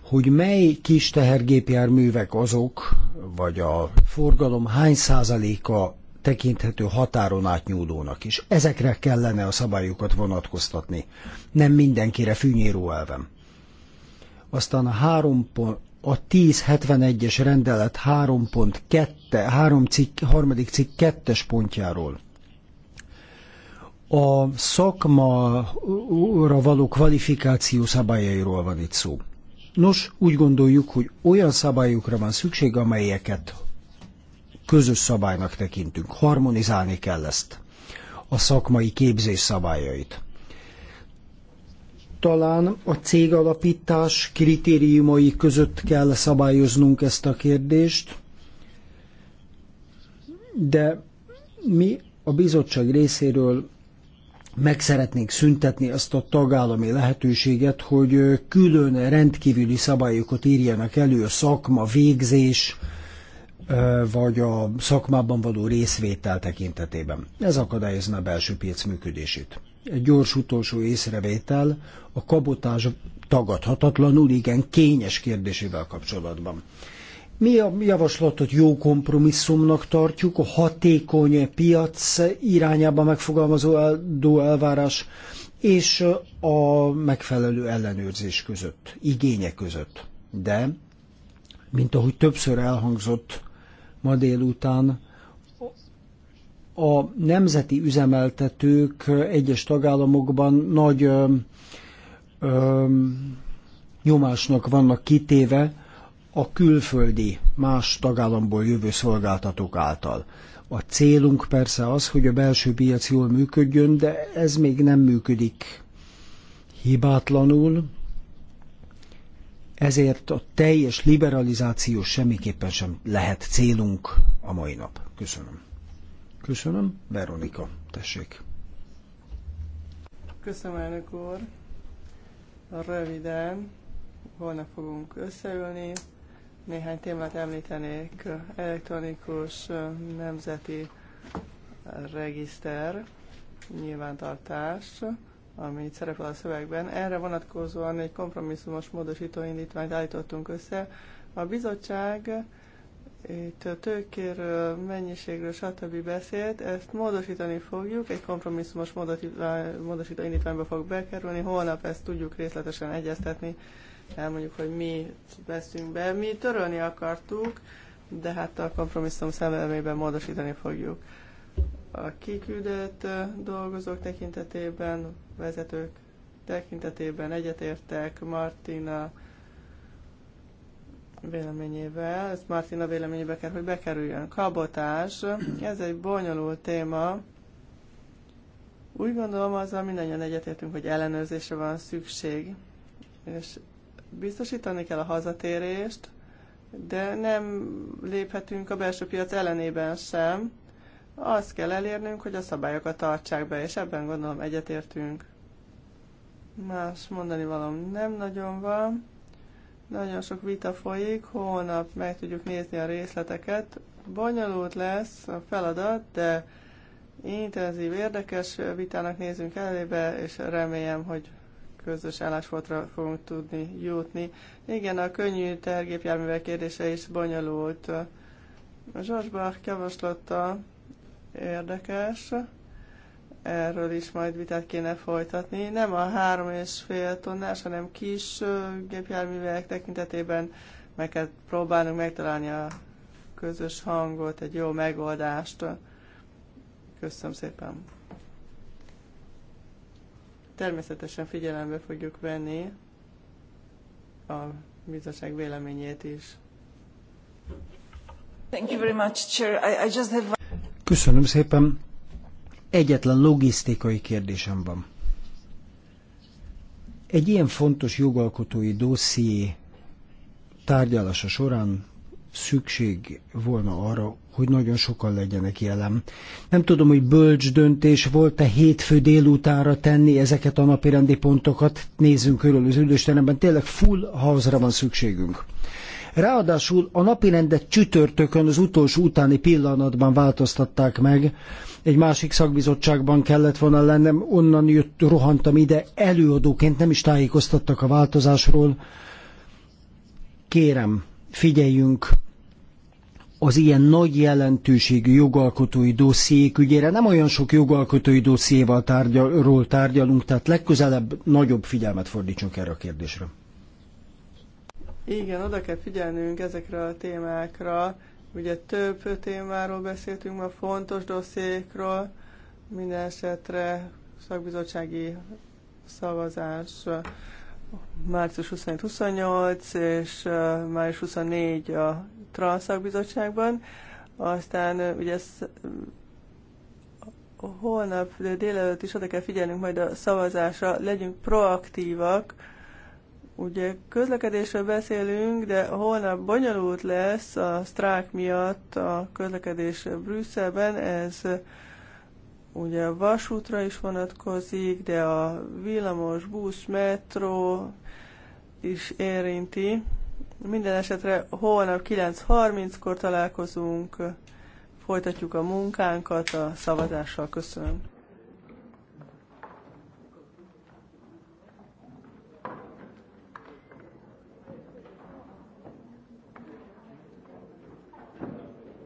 hogy mely kis tehergépjárművek azok, vagy a forgalom hány százaléka tekinthető határon átnyúlónak, és ezekre kellene a szabályokat vonatkoztatni. Nem mindenkire fűnyíró elvem. Aztán a pont, a 1071-es rendelet 2, 3 cikk, harmadik cikk 2 pontjáról a szakmára való kvalifikáció szabályairól van itt szó. Nos, úgy gondoljuk, hogy olyan szabályokra van szükség, amelyeket közös szabálynak tekintünk. Harmonizálni kell ezt, a szakmai képzés szabályait. Talán a cégalapítás kritériumai között kell szabályoznunk ezt a kérdést, de mi a bizottság részéről meg szeretnénk szüntetni ezt a tagállami lehetőséget, hogy külön rendkívüli szabályokat írjanak elő a szakma, végzés, vagy a szakmában való részvétel tekintetében. Ez akadályozna a belső piac működését. Egy gyors utolsó észrevétel a kabotás tagadhatatlanul igen kényes kérdésével kapcsolatban. Mi a javaslatot jó kompromisszumnak tartjuk, a hatékony piac irányába megfogalmazó elvárás és a megfelelő ellenőrzés között, igények között. De, mint ahogy többször elhangzott, ma délután a nemzeti üzemeltetők egyes tagállamokban nagy ö, ö, nyomásnak vannak kitéve a külföldi más tagállamból jövő szolgáltatók által. A célunk persze az, hogy a belső piac jól működjön, de ez még nem működik hibátlanul, ezért a teljes liberalizáció semmiképpen sem lehet célunk a mai nap. Köszönöm. Köszönöm. Veronika, tessék. Köszönöm, elnök úr. Röviden, holnap fogunk összeülni. Néhány témát említenék. Elektronikus nemzeti regiszter, nyilvántartás, ami itt szerepel a szövegben. Erre vonatkozóan egy kompromisszumos módosítóindítványt indítványt állítottunk össze. A bizottság itt a tőkéről, mennyiségről, stb. beszélt, ezt módosítani fogjuk, egy kompromisszumos módosító indítványba fog bekerülni, holnap ezt tudjuk részletesen egyeztetni, elmondjuk, hogy mi veszünk be. Mi törölni akartuk, de hát a kompromisszum szellemében módosítani fogjuk. A kiküldött dolgozók tekintetében vezetők tekintetében egyetértek Martina véleményével, ez Martina véleményébe kell, hogy bekerüljön. Kabotás, ez egy bonyolult téma. Úgy gondolom, azzal mindannyian egyetértünk, hogy ellenőrzésre van szükség, és biztosítani kell a hazatérést, de nem léphetünk a belső piac ellenében sem, azt kell elérnünk, hogy a szabályokat tartsák be, és ebben gondolom egyetértünk. Más mondani valam nem nagyon van. Nagyon sok vita folyik, holnap meg tudjuk nézni a részleteket. Bonyolult lesz a feladat, de intenzív, érdekes vitának nézünk elébe, és remélem, hogy közös állásfotra fogunk tudni jutni. Igen, a könnyű tergépjárművek kérdése is bonyolult. Zsorsbach javaslotta, érdekes. Erről is majd vitát kéne folytatni. Nem a három és fél tonnás, hanem kis gépjárművek tekintetében meg kell próbálnunk megtalálni a közös hangot, egy jó megoldást. Köszönöm szépen. Természetesen figyelembe fogjuk venni a bizottság véleményét is. Thank you very much, Chair. I, I just have Köszönöm szépen. Egyetlen logisztikai kérdésem van. Egy ilyen fontos jogalkotói dosszié tárgyalása során szükség volna arra, hogy nagyon sokan legyenek jelen. Nem tudom, hogy bölcs döntés volt-e hétfő délutánra tenni ezeket a rendi pontokat. Nézzünk körül az üdösteremben. Tényleg full house-ra van szükségünk. Ráadásul a napirendet csütörtökön az utolsó utáni pillanatban változtatták meg. Egy másik szakbizottságban kellett volna lennem, onnan jött, rohantam ide, előadóként nem is tájékoztattak a változásról. Kérem, figyeljünk az ilyen nagy jelentőségű jogalkotói dossziék ügyére. Nem olyan sok jogalkotói dossziéval tárgyal, tárgyalunk, tehát legközelebb nagyobb figyelmet fordítsunk erre a kérdésre. Igen, oda kell figyelnünk ezekre a témákra. Ugye több témáról beszéltünk ma, fontos dossziékról, minden esetre szakbizottsági szavazás március 27-28 és május 24 a Transzakbizottságban. Aztán ugye ez holnap délelőtt is oda kell figyelnünk majd a szavazásra, legyünk proaktívak, Ugye közlekedésről beszélünk, de holnap bonyolult lesz a sztrák miatt a közlekedés Brüsszelben. Ez ugye a vasútra is vonatkozik, de a villamos, busz, metró is érinti. Minden esetre holnap 9.30-kor találkozunk, folytatjuk a munkánkat a szavazással. Köszönöm.